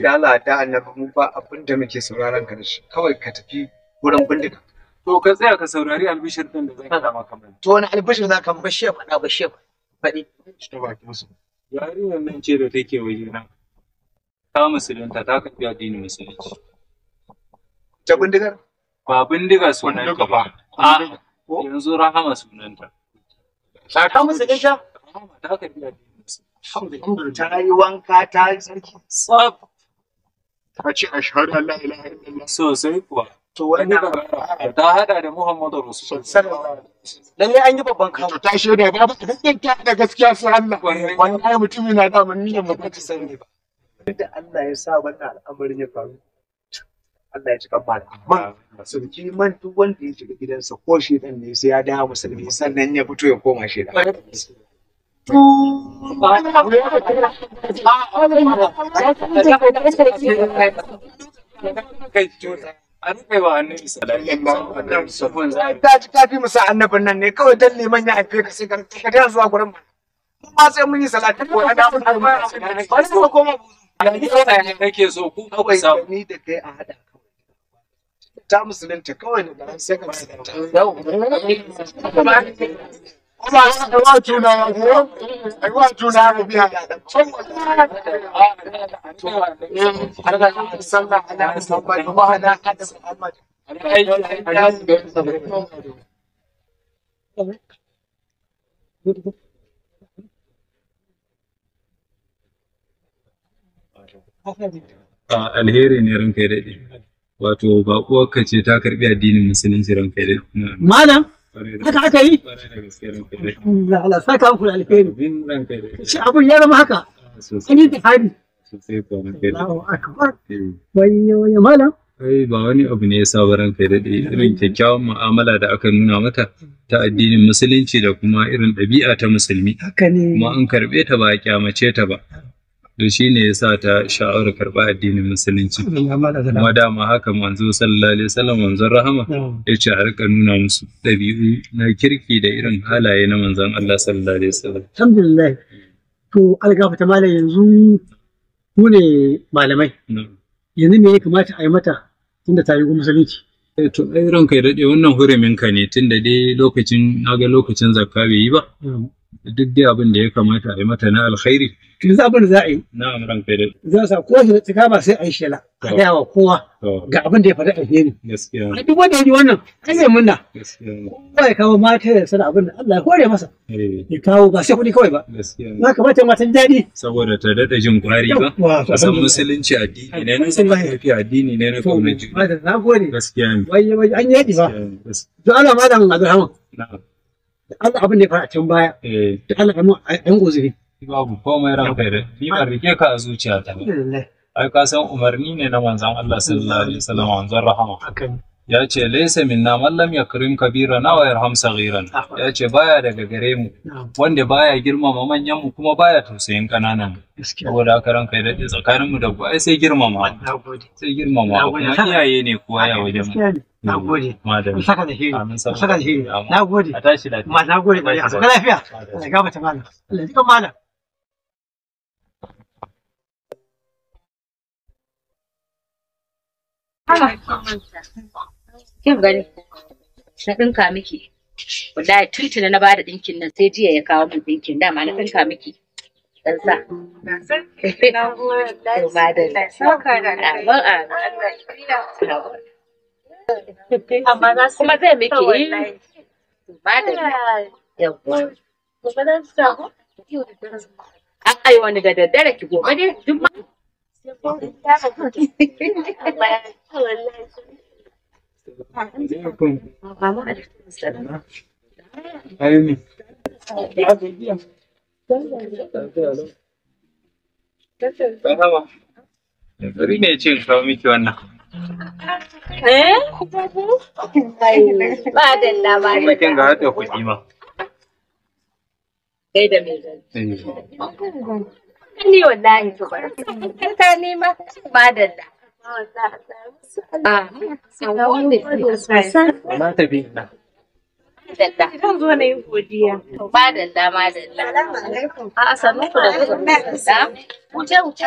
Ya Allah da annabi mu ba abin da muke sauraron ka da kawai ka tafi wurin bindiga. To ka tsaya ka saurari albishir din da zai kada maka mai. To wani albishir za ka bashi ya faɗa bashi ya faɗi. Shi ba musu. Yarinyar nan ce da take waje nan. Ta musulunta ta kafi addinin musulunci. Ta bindigar? Ba bindiga sunanta ba. A yanzu rahama sunanta. Ta musulunta? Rahama ta kafi addinin ta yi wanka ta yi sarki tsaf ta ce ashhadu an la ilaha illallah sosai kuwa to wannan ta hada da Muhammadu Rasulullah lalle an yi babban kawo to ta shaida ba ba ta da gaskiya su Allah wannan mutumin na da mun niyyar ba ta sani ba da Allah ya sa wannan al'amarin ya faru Allah ya cika bada amma sarki man duk wanda ya shiga gidansa ko shi ne sai ya dawo musulmi sannan ya fito ya koma shi da an musa annabin nan ne kawai dan neman ya haife ka sai ka ga zuwa gurin mu Ba! sai mun yi salati ko ana mun ba sai ko koma yanzu ne kake so ku ka kusa ni da kai a hada ta musulunta kawai ne sai ka musulunta alheri ne ranka ya daɗe wato baƙuwarka ce ta karɓi addinin musulunci ranka ya daɗe malam haka aka yi Allah saka muku da alheri shi abun ya zama haka ah, an yi tafari Allahu akbar hmm. wani wani malam Ai ba wani abu ne ya sa baran kai daɗe irin kyakkyawan mu'amala da aka nuna mata ta addinin musulunci da kuma irin ɗabi'a ta musulmi. Haka ne. Kuma an karɓe ta ba a kyamace ta ba. to shi ne ya sa ta sha'awar karɓa addinin musulunci kuma dama haka manzo sallallahu alaihi wasallam manzon rahama ya ce a rika nuna musu ɗabi'u na kirki da irin halaye na manzon Allah sallallahu alaihi wasallam alhamdulillah to algafa ta malam yanzu ku ne malamai yanzu me ya kamata a yi mata tunda ta yi musulunci eh, to ai ranka kai daɗe wannan hurumin ka ne tunda dai lokacin naga lokacin zakka bai yi ba duk dai abin da ya kamata a yi mata na alkhairi Kin za abin da za a yi za a sa ko shi tsika ba sai a yi shela a da wa kowa ga abin da ya faɗi alheri a duk wanda yi wannan an zai munna kowa ya kawo mata ya sana abin da Allah ya kore masa eh. ya kawo ba sai kuɗi kawai ba na kamata matan daɗi saboda ta daɗa jin kwari ba kasan musulunci addini ne na san lafiya addini ne na kauna juna na gode gaskiya wai wai an yadi ba to Allah malam Da Allah abin da ya faɗa can baya eh. da Allah ya mu yan gozuri babu komai ranka da ni ba rike ka a zuciyata ba ai ka san umarni ne na manzon Allah sallallahu alaihi wasallam manzon rahama ya ce laysa minna man lam yakrim kabirana wa yarham saghiran ah. ya ce baya daga gare mu wanda baya girmama manyan mu kuma baya tausayin kananan mu saboda haka ranka da tsakanin mu da ku ai sai girmama sai girmama kuma iyaye ne kuwa ya waje mu Nagode. Saka da hiri. saka da Nagode. A tashi lafiya. Ma nagode. Saka lafiya. Allah ya Kin gani? Na ɗinka miki. Wallahi tuntuna na bada ɗinkin nan sai jiya ya kawo min ɗinkin dama na ɗinka miki. Dan sa. Kuma zai miki yi. Yawwa. An ai wani da daddare ki gobe dai duk Bari ne ce kawo miki wannan. Eh? Ba ni wallahi tubar ta nema ah, madalla Zan zo na yi ku da zuwa. Wuce,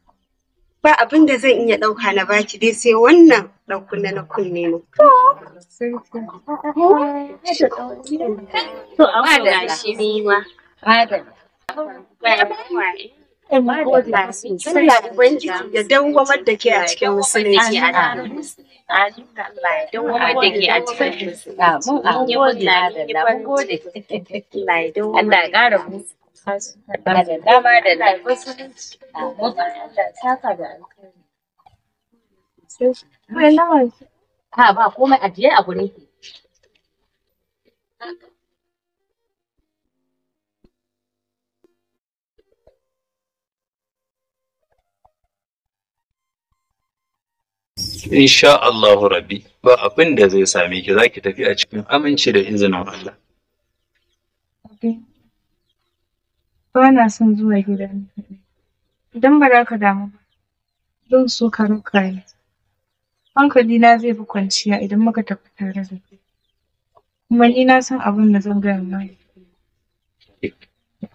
ba abin da zan iya ɗauka na baki dai sai wannan ɗaukunna na kunne ne. To, amma da shi ne ma. Ba Allah ya da ba da dama da ha ba komai ajiye a gurin ki insha Allahu rabbi ba abin da zai same ki zaki tafi a cikin aminci da izinin Allah. Okay. ba na son zuwa gidan ni Idan ba za ka damu ba, zan so ka raka ni. na zai fi kwanciya idan muka tafi tare da kai. Kuma ni na san abin da zan gaya ma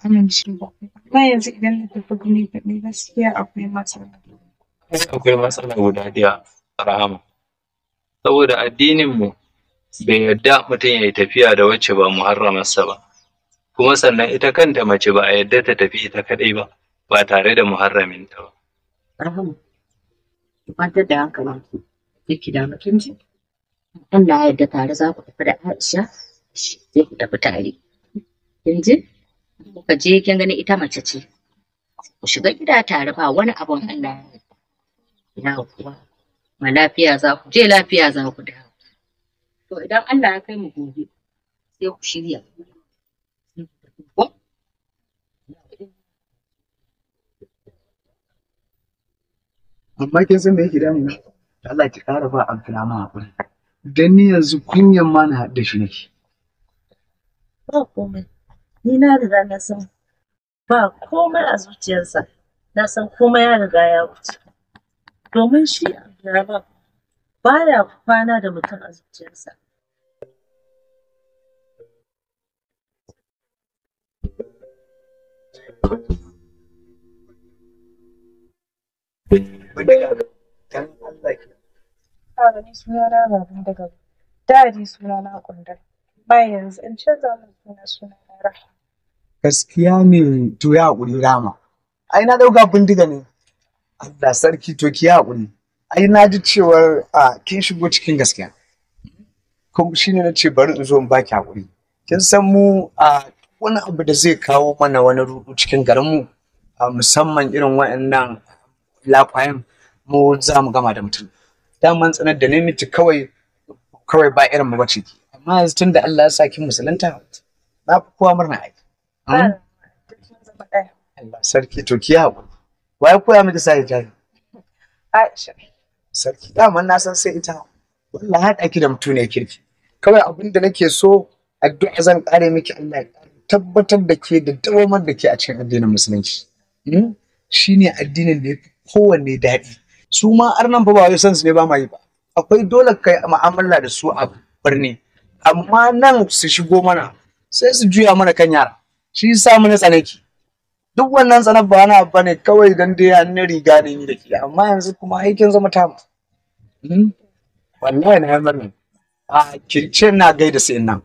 amince ba. Amma yanzu idan na tafi gani kaɗai gaskiya akwai matsala. Akwai matsala guda ɗaya Rahama. Saboda addininmu bai yarda mutum ya yi tafiya da wacce ba muharramarsa ba. kuma sannan ita kanta mace ba a yadda ta tafi ita kaɗai ba ba tare da muharramin ta ba kwantar da hankalinki yake da mutunci Allah ya yadda tare za ku tafi da Aisha sai ku tafi tare kin ji kuka je kin gani ita mace ce ku shiga gida tare ba wani abun Allah ya kuwa ma lafiya za ku je lafiya za ku dawo to idan Allah ya kai mu gobe sai ku shirya amma kin san me yake damu da Allah ki kara ba ma hakuri dan ni yanzu kunyan ma na da shi nake ba komai ni na riga na san ba komai a zuciyarsa na san komai ya riga ya wuce domin shi Abdulrahman baya kwana da mutum a zuciyarsa Adani suna suna na bayan yanzu in suna Gaskiya ne to ya haƙuri rama. Ai na ɗauka bindiga ne. Allah sarki to ki haƙuri. Ai na ji cewar a kin shigo cikin gaskiya. Kuma shi ne na ce bari in zo in baki haƙuri. Kin san mu a wani abu da zai kawo mana wani rudu cikin garinmu musamman irin wa'annan lakwayen mu za mu gama da mutum daman tsanar da nemiti kawai kawai ba irin mu bace amma yanzu tun da Allah ya sa kin musulunta na fi kowa murna aiki hmm? Allah sarki to ki haƙuri wa ya koya miki sai jari Aisha sarki daman na san sai ita wallahi haɗa ki da mutune ne kirki kawai abin da nake so addu'a zan ƙare miki Allah ya tabbatar da ke da dawamar da ke a cikin addinin musulunci hmm? shi ne addinin da ya fi kowanne daɗi su ma arnan fa ba wai san su ne ba ma yi ba akwai dole kai yi mu'amala da su a birni amma nan su shigo mana sai su juya mana kan yara shi sa mana tsanaki duk wannan tsanar ba na bane kawai dan ya riga ne ni da ke amma yanzu kuma aikin zama ta mu hmm? wallahi na yamar a kirce na gaida sai nan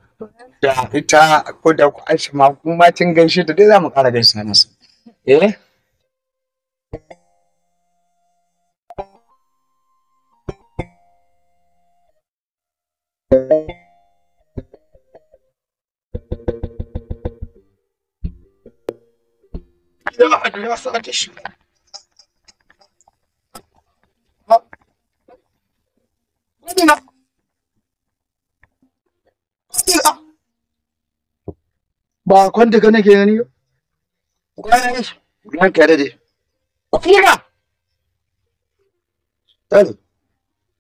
da ita ko da ku aisha ma kuma kin gaishe ta dai za mu ƙara gaisa masa eh Ya ba kwanta ka nake gani ba kwanan shi da dai kuma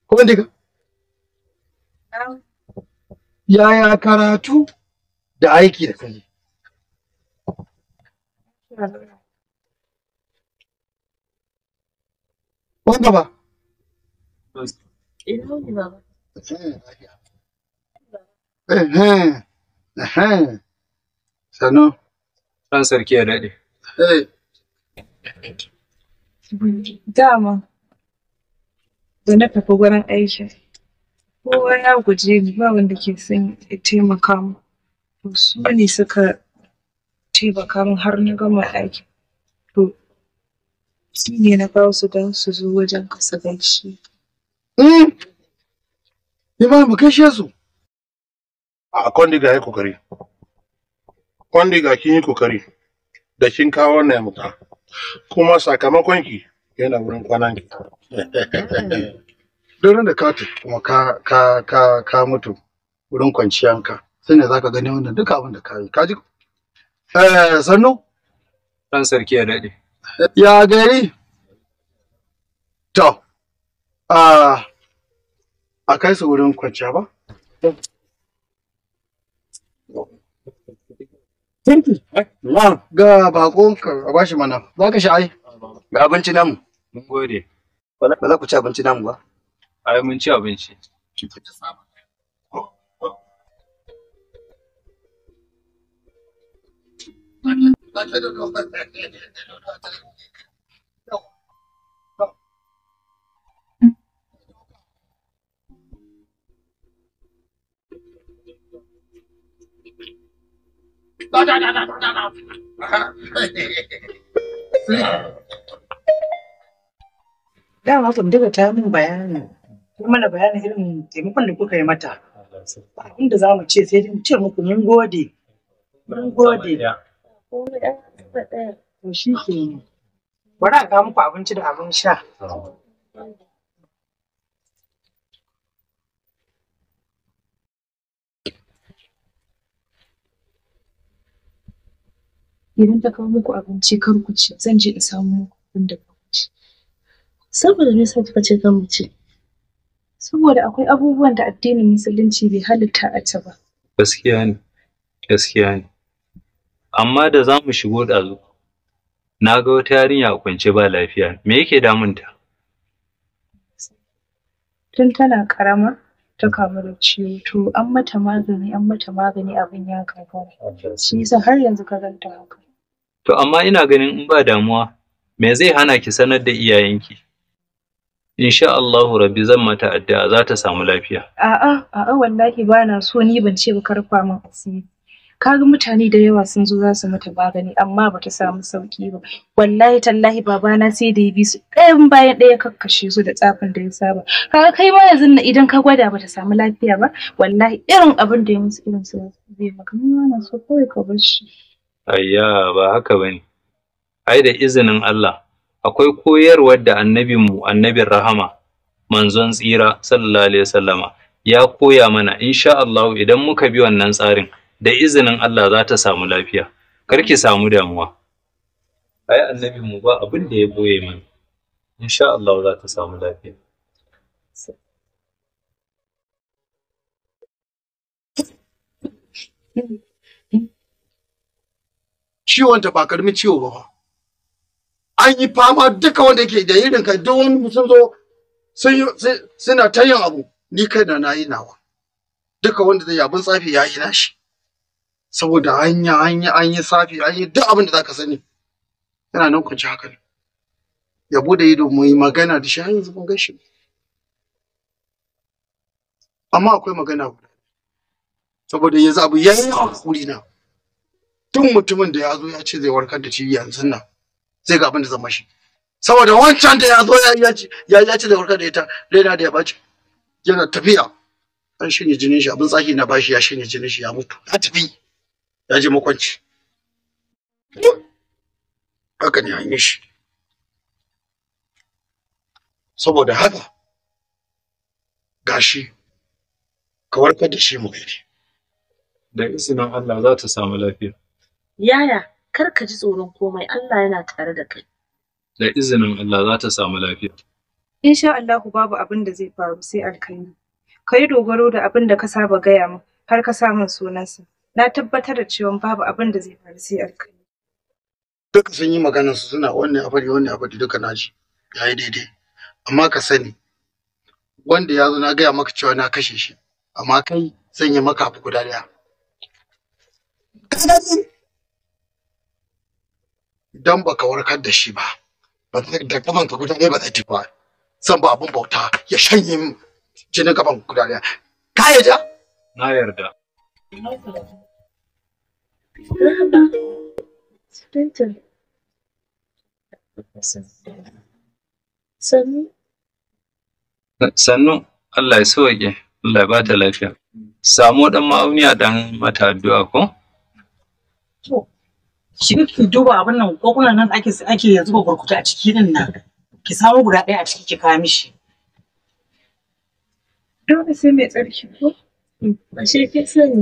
kwanta ka yaya karatu da aiki da kai Wanda ba? Ina wani Sano Ɗan sarki ya daɗe. Eh. Dama, da na tafi gurin aiki, kowa ya guje ni ba wanda ke son ya taimaka mu. Su ne suka taimaka min har na gama aiki. To, shi ne na kawo su don su zo wajen ka su gaishe. Ni ba hmm. mu gaishe su. A kwan da ya yi kokari. wanda ga kin yi kokari da kin kawo wannan ya kuma sakamakon ki yana wurin kwanan ki duk da ka kuma ka ka ka ka mutu wurin kwanciyanka sai ne zaka gani wannan duk abin da ka yi ka ji eh sannu dan sarki ya dade ya gari to a ah, a kai su wurin kwanciya ba Tinki. Na ga bakon ka a bashi mana. Za ka sha'ai. Ga abinci namu. Mun gode. Ba za ku ci abinci namu ba? Ai mun ci abinci. Thank you. Dama daga ta min bayani, ko mana bayani irin taimakon da kuka yi mata. Abin da za mu ce sai mu ce muku mun gode. Mun gode. To shi ke. Bari a kawo muku abinci da abin sha. idan ta kawo muku abinci kar ku ci zan je in samo muku abin da ku ci saboda me yasa kika ce kar mu ci saboda akwai abubuwan da addinin musulunci bai halitta a ci ba gaskiya ne gaskiya ne amma da za mu shigo ɗazu na ga wata yarinya a kwance ba lafiya me yake ta? tun tana ƙarama ta kamu da ciwo to an mata magani an mata magani abin ya gagara shi yasa har yanzu ka ganta haka To amma ina ganin in ba damuwa, me zai hana ki sanar da iyayenki? Insha Allahu Rabbi zan mata addu'a za ta samu lafiya. A'a, a'a wallahi ba na so ni ban ce ba karfa min asiri. Kaga mutane da yawa sun zo za su mata magani amma ba ta samu sauki ba. Wallahi tallahi babana sai da ya bi su ɗayan bayan ɗaya kakkashe su da tsafin da ya saba. Kaga kai ma yanzu na idan ka gwada ba ta samu lafiya ba, wallahi irin abin da ya musu irin su zai maka. Ni ma na so kawai ka bar shi. Ayya ba haka ba ne, ai da izinin Allah, akwai koyarwar da mu, annabin rahama, manzon tsira sallallahu Alaihi wasallama ya koya mana insha Allah idan muka bi wannan tsarin da izinin Allah za ta samu lafiya, karki samu damuwa. Ai annabinmu ba abin da ya boye mana, insha Allah za ta samu lafiya. Mm-hmm. ciwon ta ba karmi ciwo ba an yi fama duka wanda yake da irin kai duk wani sun zo suna ta yin abu ni kai da na yi nawa duka wanda zai abin tsafi ya yi nashi saboda hanya hanya an yi tsafi an yi duk abin da zaka sani yana nan kwanci haka ya bude ido mu yi magana da shi har yanzu mun gashi amma akwai magana saboda yanzu abu yayin hakuri na tun mutumin da ya zo ya ce zai warkar da shi yanzu nan sai ga abin da zama shi saboda wancan da ya zo ya ce zai warkar da ita leda da ya ɓaci yana tafiya an shanye jinin shi abin tsaki na bashi ya shirya jinin shi ya mutu ya tafi ya je makwanci haka ne hanyar shi saboda haka gashi ka warkar da shi mu gari da izinin Allah za ta samu lafiya Yaya, kar ka ji tsoron komai, Allah yana tare da kai. Da izinin Allah za ta samu lafiya. Insha Allah babu abin da zai faru sai alkhairi. Ka yi dogaro da abin da ka saba gaya min har ka samu sunansa. Na tabbatar da cewa babu abin da zai faru sai alkhairi. duk sun yi magana su suna wannan afari wannan afari duka naji. Ya yi daidai. Amma ka sani wanda ya zo na gaya maka cewa na kashe shi. Amma kai zan yi maka abu guda daya. dan baka warkar da shi ba ba da kaman ka guda ba zai ba san ba abun bauta ya shanye jinin gaban guda ɗaya ka yarda na yarda Sannu. Allah ya sauke, Allah ya ba ta lafiya. Samu ɗan ma'auniya dan mata addu'a ko? shiga ki duba abin nan kokunan nan ake ake yanzu ba burkutu a ciki din nan ki samu guda ɗaya a ciki ki kawo mishi dole sai mai tsarki ko ba mm. shi ke sani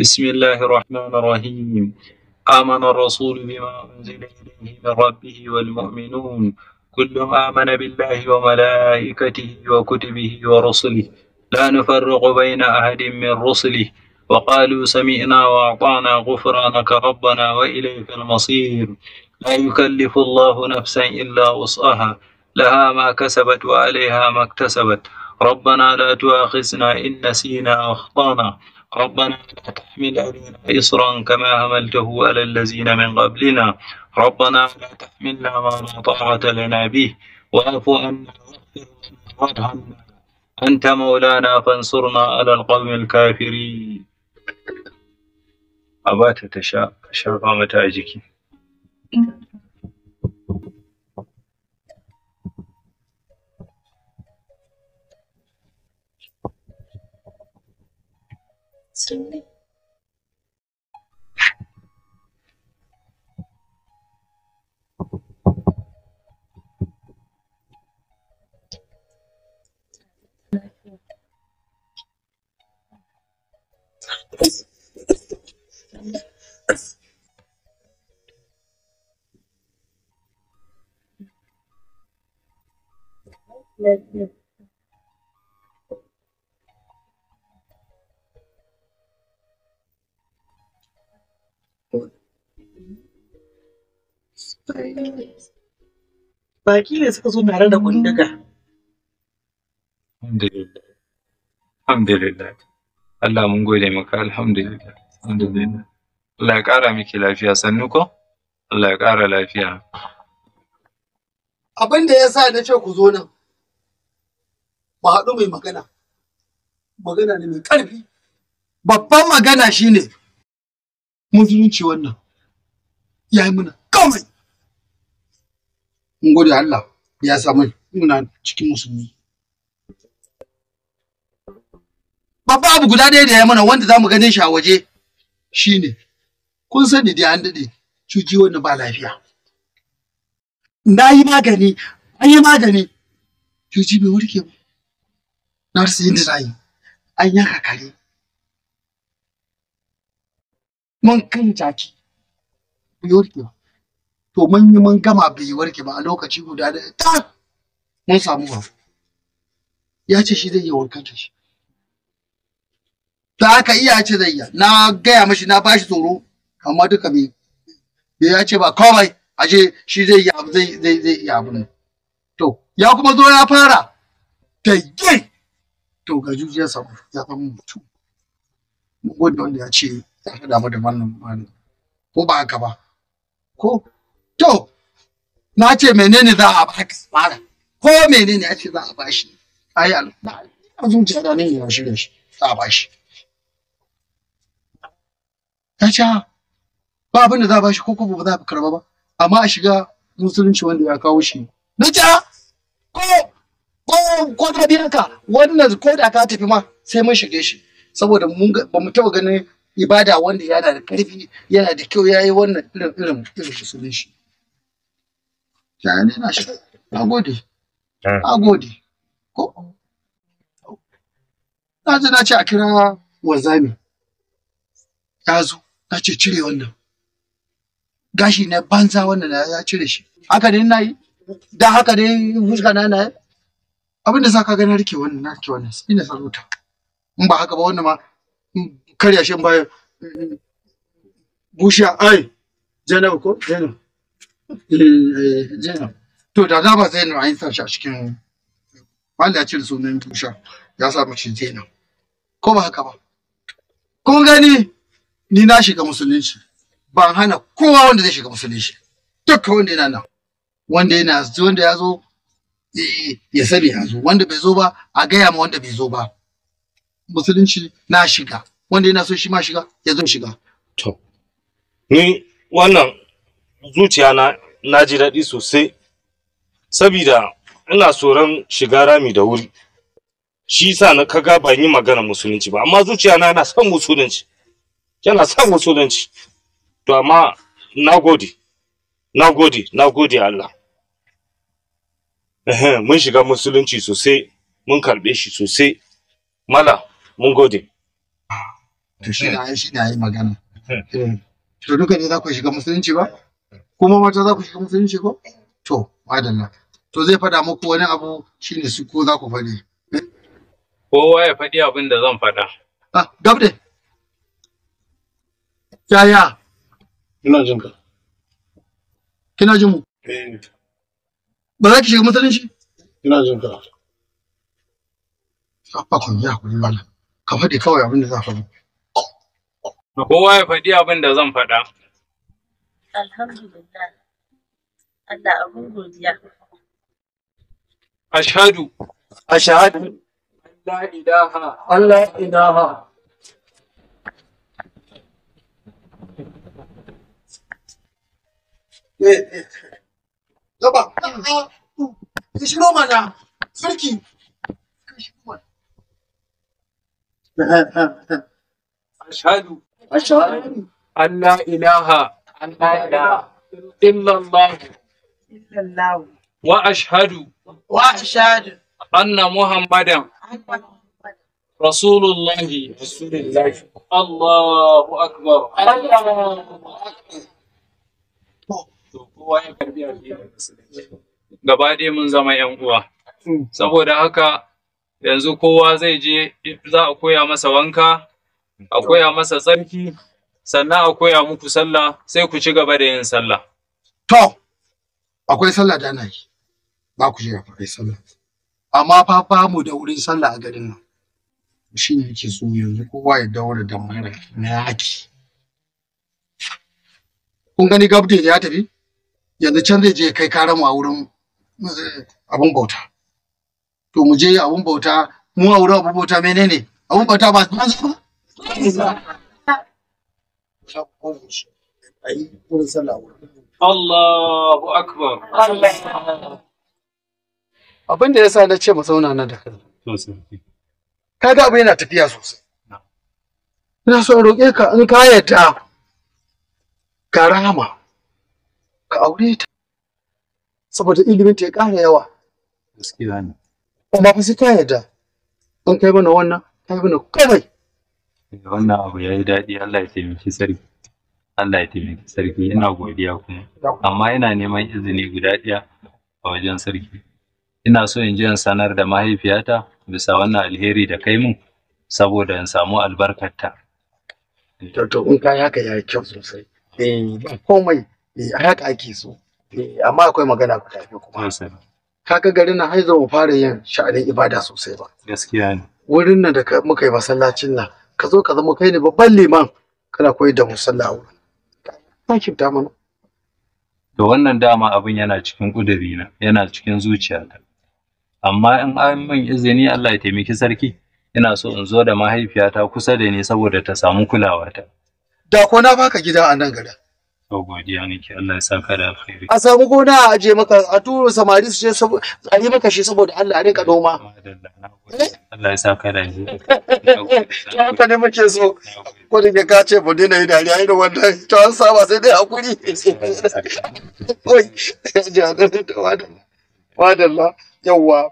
بسم الله الرحمن الرحيم آمن الرسول بما أنزل إليه من ربه والمؤمنون كل آمن بالله وملائكته وكتبه ورسله لا نفرق بين أحد من رسله وقالوا سمعنا وأعطانا غفرانك ربنا وإليك المصير لا يكلف الله نفسا إلا وسعها لها ما كسبت وعليها ما اكتسبت ربنا لا تؤاخذنا إن نسينا أخطانا ربنا لا تحمل علينا إصرا كما هملته على الذين من قبلنا ربنا لا تحملنا ما لا طاقة لنا به واعف عنا واغفر عنا أنت مولانا فانصرنا على القوم الكافرين أبات تشاء شافا متى أجيكي slowly. Let me Baki ne suka zo tare da daga. Alhamdulillah. Alhamdulillah. Allah mun gode maka alhamdulillah. Alhamdulillah. Allah ya ƙara miki lafiya sannu ko? Allah ya ƙara lafiya. Abin da ya sa na ce ku zo nan, ba haɗu mai magana. Magana ne mai ƙarfi. Babban magana shine mun zuci wannan. Ya yi muna kawai. mun gode Allah ya samu muna cikin musulmi babba abu guda ɗaya da ya mana wanda zamu ganin shi a waje shine kun sani da an daɗe cuci wanda ba lafiya na yi magani an yi magani cuci bai warke ba na su yi da an yi kakari. mun kan jaki bai warke ba to mun yi mun gama bai warke ba a lokaci guda da ta mun samu ba ya ce shi zai yi warkar da shi ta haka iya ce zai yi na gaya mashi na bashi tsoro amma duka bai ya ce ba komai ce shi zai yi abu zai zai zai yi abu ne to ya kuma zo ya fara da yi to ga jujiya samu ya fa mun mutu mun gode wanda ya ce ya fada mu da wannan ko ba haka ba ko to na ce menene za a baka fara ko menene ya ce za a bashi ayi a zuciya da ne ya shirya shi za a bashi ta ce ba abin da za a bashi ko kuma ba za a karba ba amma a shiga musulunci wanda ya kawo shi na ce ko ko ko da biya ka wannan ko da ka tafi ma sai mun shige shi saboda mun ba mu taba ganin ibada wanda yana da karfi yana da kyau yayi wannan irin irin irin musulunci sha'ani na shi na gode na gode ko na ji na ce a kira wanzami ya zo na ce cire wannan gashi na banza wannan na ya cire shi haka ne na yi da haka ne fuska na na abin da zaka ga na rike wannan na rike wannan ina sarauta in ba haka ba wannan ma karya shi ba bushiya ai zainab ko zainab to da za ba zainab an sa shi a cikin wanda ya ce sunan tushen ya sa mace zainab ko ba haka ba kun gani ni na shiga musulunci ban hana kowa wanda zai shiga musulunci duk wanda yana nan wanda yana wanda ya zo ya sani ya zo wanda bai zo ba a gaya ma wanda bai zo ba musulunci na shiga wanda yana so shi ma shiga ya zo shiga to ni wannan zuciya na na ji daɗi sosai sabida ina tsoron shiga rami da wuri shi yasa na kaga ba yi magana musulunci ba amma zuciya na yana son musulunci yana son musulunci to amma na gode na gode na gode Allah mun shiga musulunci sosai mun karbe shi sosai mala mun gode to shi na yi magana eh, to duka ne za ku shiga musulunci ba kuma mata za ku shiga musulunci ko to madalla to zai faɗa muku wani abu shine su ko za ku faɗi kowa ya faɗi abin da zan faɗa ah gabde yaya ina jin ka kina jin mu eh. ba za ki shiga musulunci ina jin ka Abba kun yi hakuri mana. ka faɗi kawai abin da za ka faɗi kowa ya faɗi abin da zan faɗa Alhamdulillah. Allah abun godiya. Ashhadu. Ashhadu. Allah ilaha. Allah ilaha. Gaba. Eh, eh. Ka mana. Sarki. Ka mana. Ashhadu. Ashhadu. Allah ilaha. أن لا إله إلا الله إلا الله وأشهد وأشهد gaba dai mun zama ‘yan uwa, saboda haka yanzu kowa zai je za a koya masa wanka, a koya masa tsarki, sannan a koya muku sallah sai ku ci gaba da yin sallah. To, akwai sallah da ana yi, ba ku je akwai sallah. Amma fa ba mu da wurin sallah a garin nan. Shi ne yake so yanzu kowa ya daura da mara na yaki. Kun gani gabde ya tafi? Yanzu can zai je kai karamu a wurin eh, abun bauta. To mu je abun bauta, mu a wurin abun bauta menene? Abun bauta ba su ba? تقومش أي كل سنة الله أكبر abin da yasa na ce mu zauna na da kai kaga abu yana tafiya sosai ina so in roƙe ka in ka yarda ka rama ka aure ta saboda ilimin ta ya ƙara yawa gaskiya ne kuma fa sai ka yarda in kai mana wannan kai mana kawai Wannan abu ya yi daɗi. Allah ya taimaki sarki. Allah ya taimaki sarki. Ina godiya kuma. Amma ina neman izini guda ɗaya a wajen sarki. Ina so in je in sanar da mahaifiyata bisa wannan alheri da kai mun saboda in samu albarkarta. To to in ka haka ya kyau sosai. Eh ba komai eh haka ake so. Eh, amma akwai magana ku tafi kuma. Kaga garin na haizo mu fara yin sha'anin ibada sosai ba. Gaskiya ne. Wurin nan da muka yi masallacin nan ka zo ka zama kai ne babban liman kana koyar da musalla a wurin mana to wannan dama abin yana cikin na yana cikin zuciyata amma in an min izini Allah ya taimaki sarki ina so in zo da mahaifiyata kusa da ni saboda ta samu kulawata da ko na baka gida a nan garin To godiya nake Allah ya saka da alkhairi. A samu gona a aje maka a turo samari su je a yi maka shi saboda Allah a rinka noma. Allah ya saka da alkhairi. To haka ne muke so. Ko da ke ka ce mu daina yi dariya irin wannan to an saba sai dai hakuri. Oi, ji hakuri da wadalla. Wadalla yawwa.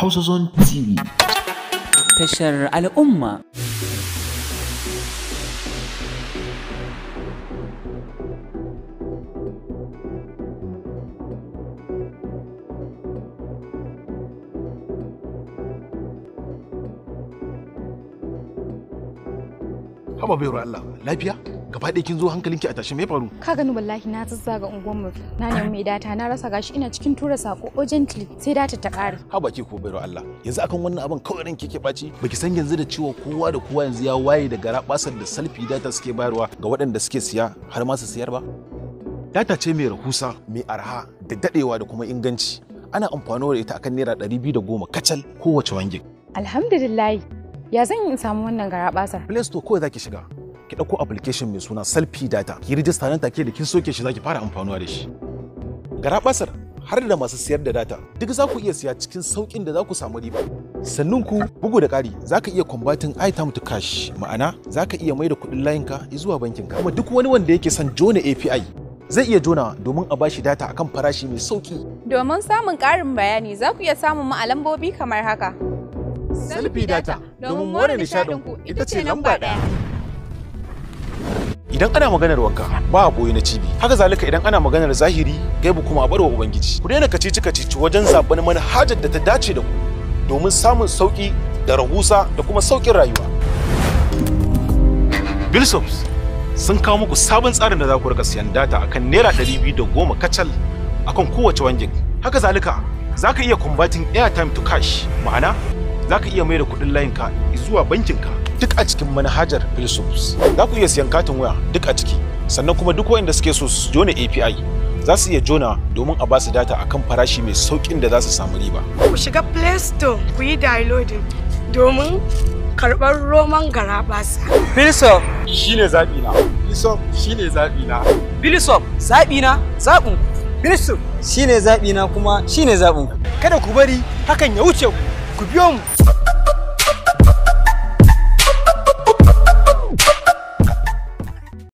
Hausa Zone TV. Tashar al'umma. haba ruwa Allah lafiya gaba ɗaya kin zo hankalinki a tashi me faru ka gani wallahi na zazzaga mu na nemi mai data na rasa gashi ina cikin tura sako urgently sai data ta ƙare haba ke ko ruwa Allah yanzu akan wannan abin kawai ran kike baci baki san yanzu da cewa kowa da kowa yanzu ya waye da gara garabasar da salfi data suke bayarwa ga waɗanda suke siya har ma su siyar ba data ce mai rahusa mai arha da dadewa da kuma inganci ana amfani da ita akan naira 210 kacal kowace wangin alhamdulillah ya zan in samu wannan garabasar play store kawai zaki shiga ki dauko application mai suna selfie data ki rijista nan take da kin soke shi zaki fara amfanuwa da shi garabasar har da masu siyar da data duk za ku iya siya cikin saukin da za ku samu riba sannan ku bugu da ƙari za ka iya combating item to cash ma'ana za ka iya maida kuɗin ka zuwa bankinka kuma duk wani wanda yake son jona api zai iya jona domin a bashi data akan farashi mai sauki domin samun ƙarin bayani za ku iya samun mu a lambobi kamar haka Selfie data domin more nishadinku ita ce lamba ɗaya. Idan ana maganar wanka ba a boye na cibi, haka zalika idan ana maganar zahiri gaibu kuma a barwa Ubangiji. Ku daina kacici kacici wajen zaɓen manhajar da ta dace da ku domin samun sauƙi da rahusa da kuma sauƙin rayuwa. Bilsops sun kawo muku sabon tsarin da za ku rika siyan data akan naira ɗari biyu da goma kacal akan kowace wangin. Haka zalika za ka iya kumbatin airtime to cash ma'ana za ka iya mai da kuɗin layinka zuwa bankinka duk a cikin manhajar Philosophes. Za ku iya siyan katin waya duk a ciki, sannan kuma duk waɗanda suke so su jona API za su iya jona domin a basu data akan farashi mai sauƙin da za su samu riba. Ku shiga Play Store ku yi downloading domin karɓar roman gara basa. Philosoph shine zaɓi na. Philosoph shine zaɓi na. Philosoph zaɓi na zaɓin. Philosoph shine zaɓi na kuma shine zaɓin. Kada ku bari hakan ya wuce ku. 급영